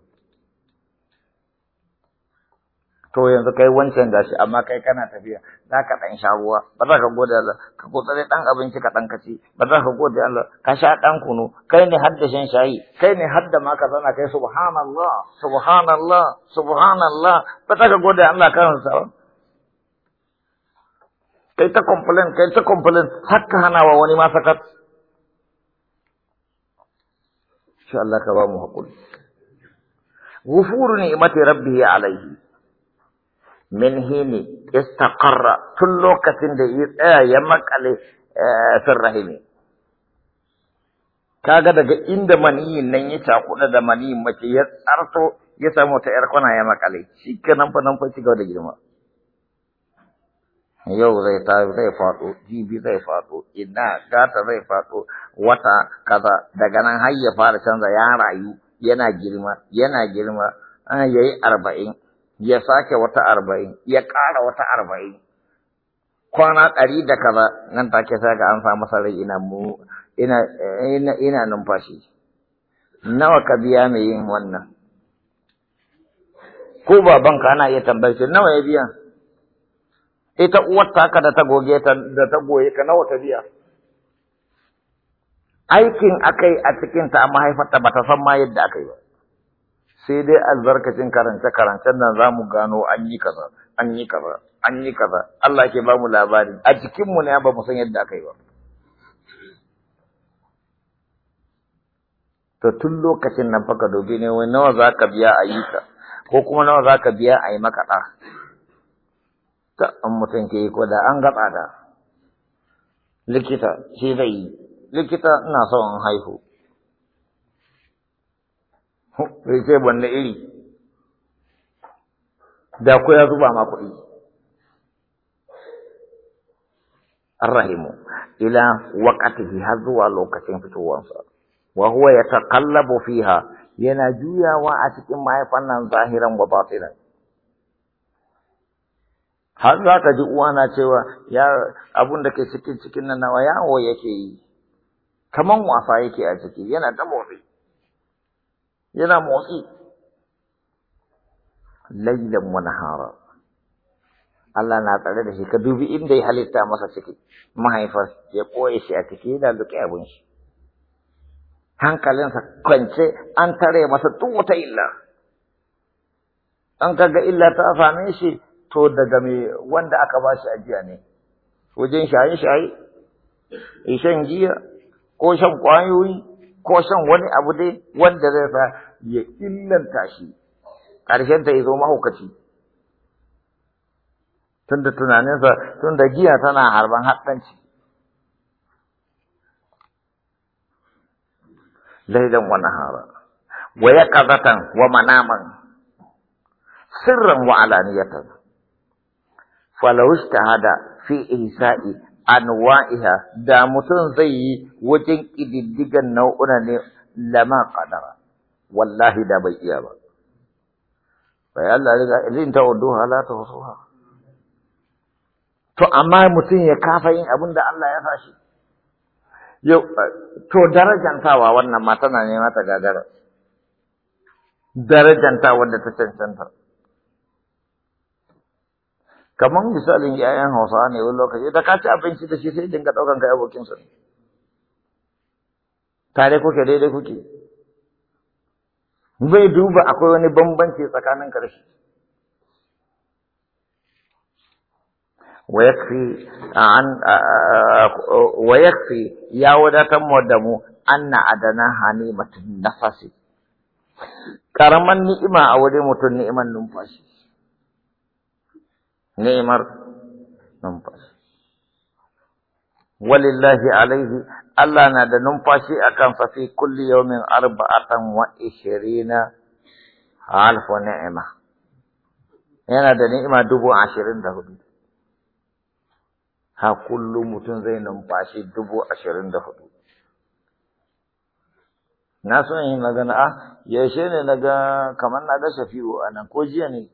to yanzu kai wancan gashi amma kai kana tafiya za ka ɗan sha ruwa ba za ka gode Allah ka kotsare ɗan abinci ka ɗan kaci ba za ka gode Allah ka sha ɗan kunu kai ne har da shan shayi kai ne har da ma ka zana kai subhanallah subhanallah subhanallah ba za ka gode Allah kan sa ba kai ta complain kai ta complain har ka hana wa wani ma sakat insha Allah ka ba mu hakuri غفور نعمة ربه عليه min hini istaqarra tun lokacin da ya tsaya ya makale eh, fin rahimi kaga daga inda maniyin nan ya cakuɗa da maniyin mace ya tsarto ya samu ta yar kwana ya makale shi ka nan fa nan fa cigaba da girma yau zai ta zai faɗo jibi zai faɗo ina gata zai faɗo wata kaza daga nan har ya fara canza ya rayu yana girma yana girma an yayi arba'in ya sake wata arba'in ya ƙara wata arba'in kwana ɗari da kaza nan take sai ga an samu sarai ina mu ina ina numfashi nawa ka biya mai yin wannan ko baban ka ana iya tambayar shi nawa ya biya ita uwar taka da ta goge ta da ta goye ka nawa ta biya aikin akai a cikin ta mahaifarta ba ta san ma yadda akai ba sai dai albarkacin karance karancen nan za mu gano an yi kaza an yi kaza an yi kaza Allah ke ba mu labari a cikin mu ne ba mu san yadda aka yi ba to tun lokacin nan faka dobi ne wai nawa za ka biya a yi ka ko kuma nawa za ka biya ayi yi maka ɗa ta an mutum ke ko da an gaɓa da likita shi zai yi likita ina so in haihu sai wanne iri da ku ya zuba ma kuɗi arrahimu ila waqatihi har zuwa lokacin fitowansa wa huwa yataqallabu fiha yana juyawa a cikin mahaifan nan zahiran wa batinan har za ka ji uwa na cewa ya abun da ke cikin cikin nan nawa yawo yake yi kaman wasa yake a ciki yana ta motsi yana motsi lailan wa nahara Allah na tsare da shi ka dubi inda ya halitta masa ciki mahaifar ya koye shi a ciki yana duke abin shi hankalinsa kwance an tare masa duk wata illa an kaga illa ta same shi to daga me wanda aka ba shi ajiya ne wajen shaye shaye shan giya ko shan kwayoyi ko shan wani abu dai wanda zai sa ya illanta shi ƙarshen ta izo mahaukaci tunda tunaninsa tunda giya tana harban haɗanci lailan wa nahara wa yaqazatan wa manaman sirran wa alaniyatan falau istahada fi ihsa'i anwa'iha da mutum zai yi wajen ƙididdigan nau'una ne lama qadara wallahi da bai iya ba bai Allah riga ilin ta uddu halata wasuha to amma mutum ya kafa yin abin da Allah ya fashi yau to darajantawa wannan mata na nema ta gagara darajanta wanda ta cancanta kamar misalin yayan hausa ne wani lokaci da ka ci abinci da shi sai dinga ɗaukan kai abokinsa tare kuke daidai kuke zai duba akwai wani bambanci tsakanin karshe. wa ya wadatar mu da mu anna adana hani mutum nafasi karaman ni'ima a wuri mutum ni'imar numfashi ni'imar numfashi walillahi alaihi Allah na da numfashi a kan fafi kulli yaumin arba'atan wa ishirina alfu ni'ima yana da ni'ima dubu ashirin da hudu ha kullum mutum zai numfashi dubu ashirin da hudu na so yin magana a ah, yaushe ne na ga kamar na ga shafi'u a nan ko jiya ne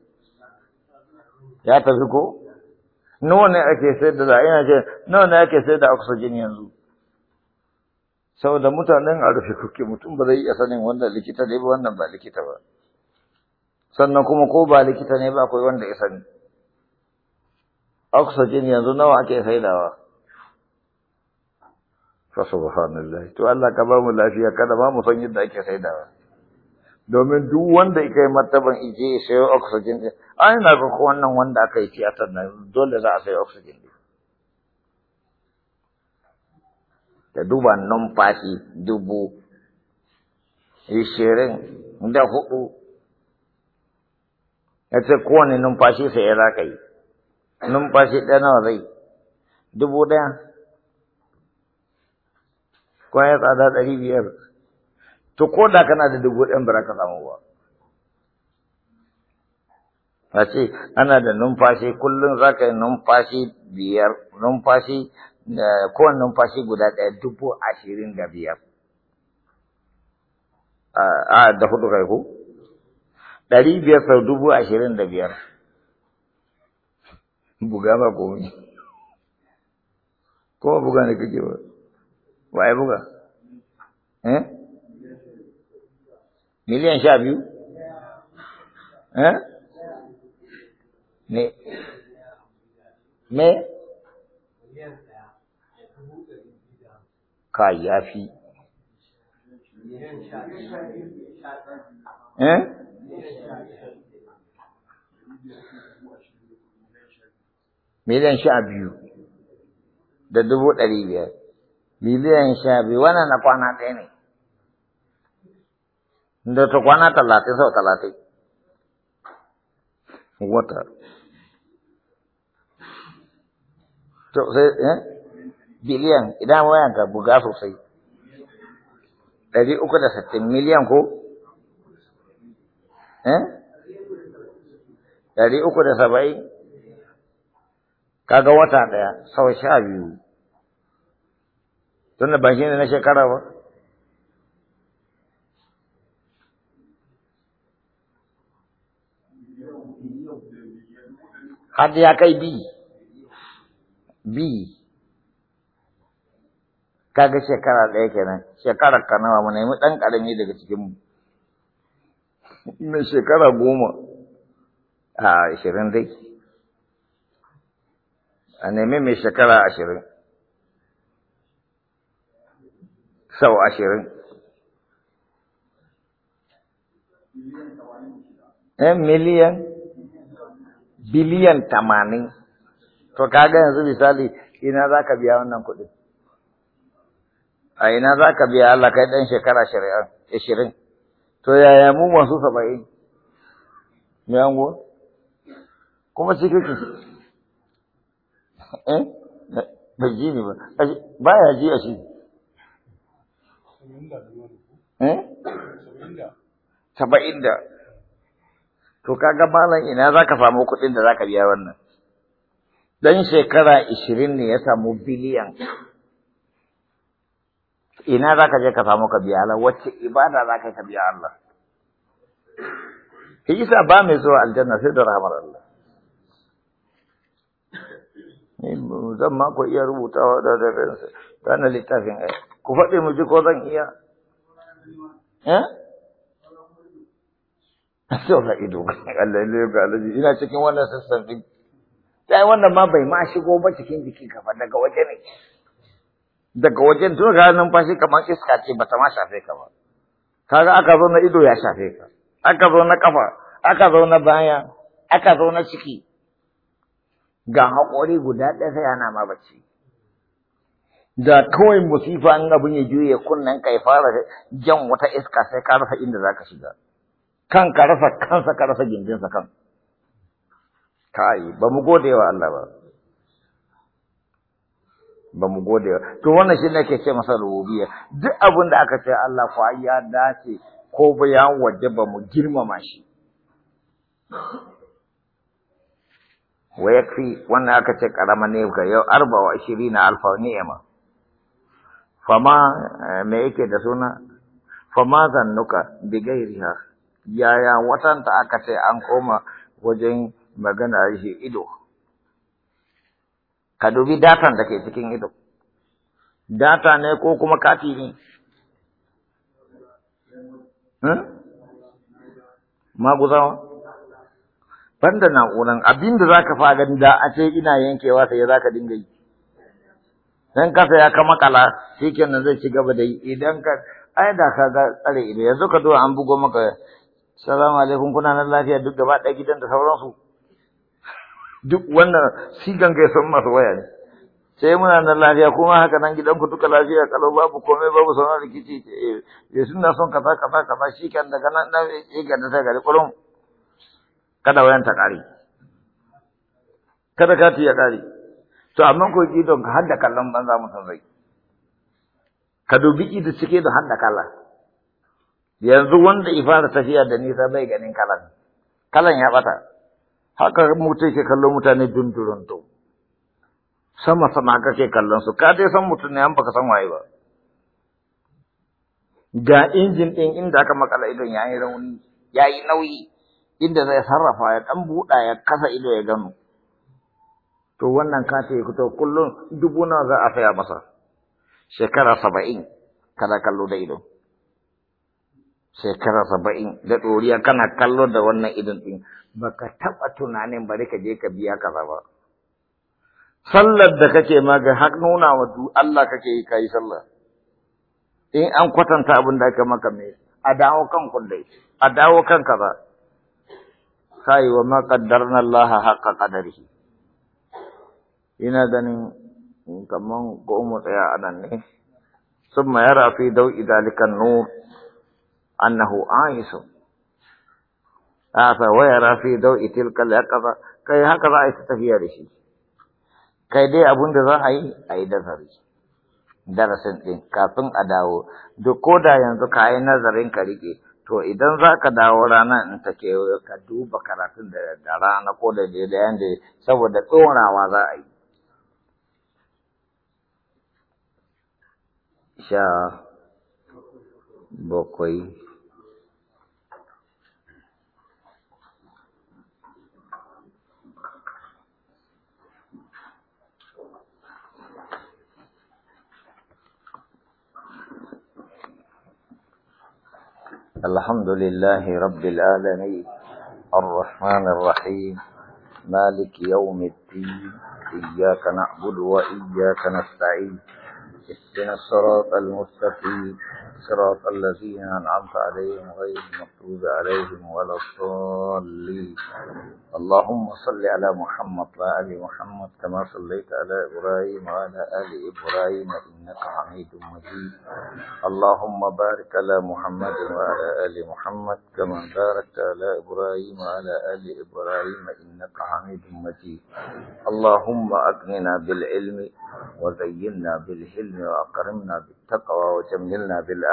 ya tafi ko nawa ne ake sayar da ina ce nawa ne ake sayar da oxygen yanzu saboda mutanen a rufe kuke mutum ba zai iya sanin wanda likita ne ba wannan ba likita ba sannan kuma ko ba likita ne ba akwai wanda ya sani oxygen yanzu nawa ake saidawa fa subhanallah to Allah ka ba mu lafiya kada ba mu san yadda ake saidawa domin duk wanda ya kai martaban ije ya sayo oxygen din ai na ga wannan wanda aka yi tiyatar na dole za a sayo oxygen din da duba numfashi dubu ishirin da hudu ya ce kowane numfashi sai ya za ka yi numfashi ɗaya nawa zai dubu ɗaya kwaya tsada ɗari biyar to ko da kana da dubu ɗan bara ka samu ba a ce ana da numfashi kullum za ka yi numfashi biyar numfashi eh, kowane numfashi guda ɗaya dubu ashirin da biyar a da hudu kai ku ɗari biyar sau dubu ashirin da biyar buga ba komi ko buga ne kake ba wa ya buga eh miliyan sha biyu eh? me me ka yafi eh miliyan sha biyu da dubu ɗari biyar miliyan sha biyu wannan na kwana ɗaya ne da ta kwana talatin sau talatin wata to sai eh biliyan idan wayan ka buga sosai ɗari uku da sittin miliyan ko eh ɗari uku da sabai? kaga wata ɗaya sau sha biyu tunda ban shi ne na shekara ba hadda ya kai bi bi kaga shekara ɗaya kenan shekara kanawa mu nemi ɗan ƙarami daga cikin mu mai shekara goma a ashirin dai a nemi mai shekara ashirin sau ashirin eh, miliyan biliyan tamanin to kaga yanzu misali ina za ka biya wannan kuɗin a ina za ka biya Allah kai ɗan shekara ashirin to yaya mu masu saba'in an go? kuma cikin eh bai ji ni ba ba ya ji a shi da. Eh? saba'in da To kaga malam ina za samu kuɗin da za ka biya wannan. Dan shekara ishirin ne ya samu biliyan. Ina za ka je ka samu ka biya Allah, wacce ibada za ka biya Allah. Ki isa ba mai zuwa aljanna sai da rahmar Allah. Zan ma ku iya rubutawa da da da littafin Ku faɗi mu ji ko zan iya. Eh? so ga ido Allah ya ga Allah ina cikin wannan sassan din sai wannan ma bai ma shigo ba cikin jiki kafa daga waje ne daga waje to ga numfashi kamar iska ce bata ma shafe ka ba kaga aka zo na ido ya shafe ka aka zo na kafa aka zo na baya aka zo na ciki ga haƙori guda ɗaya sai ana ma bacci da kawai musifa an abin ya juye kunnen ka ya fara jan wata iska sai ka rasa inda zaka shiga kan ka rasa kansa ka rasa gindinsa kan kai ba mu gode wa Allah ba ba mu gode wa to wannan shi ne ke ce masa rububiyya duk abin da aka ce Allah ko ya dace ko bayan waje ba mu girmama shi wa yakfi wannan aka ce karama ne ga yau 24 alfa ni'ima fama eh, me yake da suna fama zannuka bi gairiha yaya watanta aka ce an koma wajen magana yi ido ka dubi datan da ke cikin ido data ne ko kuma kati ne hmm? maguzawa banda na'uran abinda za ka faga da a ce ina yankewa sai ya za ka dinga yi Don kasa ya kama kala shikenan zai ci gaba da yi idan ka ai da ka ga tsare ido yanzu ka zo an bugo maka salamu alaikum kuna nan lafiya duk gaba ɗaya gidan da sauransu duk wannan sigan kai son masu waya ne sai muna nan lafiya kuma haka nan gidanku duka lafiya kalau babu komai babu sauran rikici ya eh, eh, suna son kaza kaza kaza shi kan daga nan na ya ganda ta gari kurum kada wayan ta ƙari. kada kati ya ƙari. to amma ko don ka hadda kallon banza mutum rai ka dubi ido cike da hadda kallon yanzu wanda fara tafiya da nisa bai ganin kalan kalan ya bata haka mutum ke kallon mutane to sama sama kake kallon su ka dai san mutum ne an baka san waye ba ga injin din inda aka makala idon yayi rauni yayi nauyi inda zai sarrafa ya dan buɗa ya kasa ido ya gano to wannan kati ya fito kullum dubu nawa za a saya masa shekara saba'in kada kallo da ido shekara saba'in da ɗoriya kana kallo da wannan idan ɗin baka taɓa tunanin bari ka je ka biya kaza ba sallar da kake ma ga har nuna wa du Allah kake yi kai sallah in an kwatanta abin da aka maka me a dawo kan kullai a dawo kan kaza sai wa ma qaddarna Allah haqqa qadarihi ina ganin kaman ko mu tsaya anan ne summa yara fi dau'i dalikan nur أنه عائس آفا ويرى في ضوء تلك اليقظة كي هكذا أي تتفيا لشي كي دي أبون a yi أي دزري darasin ɗin kafin a dawo duk ko da yanzu ka yi nazarin ka riƙe to idan za ka dawo ranar in ta kewayo ka duba karatun da rana ko da da yanda saboda tsorawa za a yi sha bakwai الحمد لله رب العالمين الرحمن الرحيم مالك يوم الدين إياك نعبد وإياك نستعين اهدنا الصراط المستقيم صراط الذين أنعمت عليهم غير المغضوب عليهم ولا الضالين اللهم صل على محمد وآل محمد كما صليت على إبراهيم وعلى آل إبراهيم إنك حميد مجيد اللهم بارك على محمد وعلى آل محمد كما باركت على إبراهيم وعلى آل إبراهيم إنك حميد مجيد اللهم أغننا بالعلم وزينا بالحلم وأكرمنا بالتقوى وجملنا بالآخرة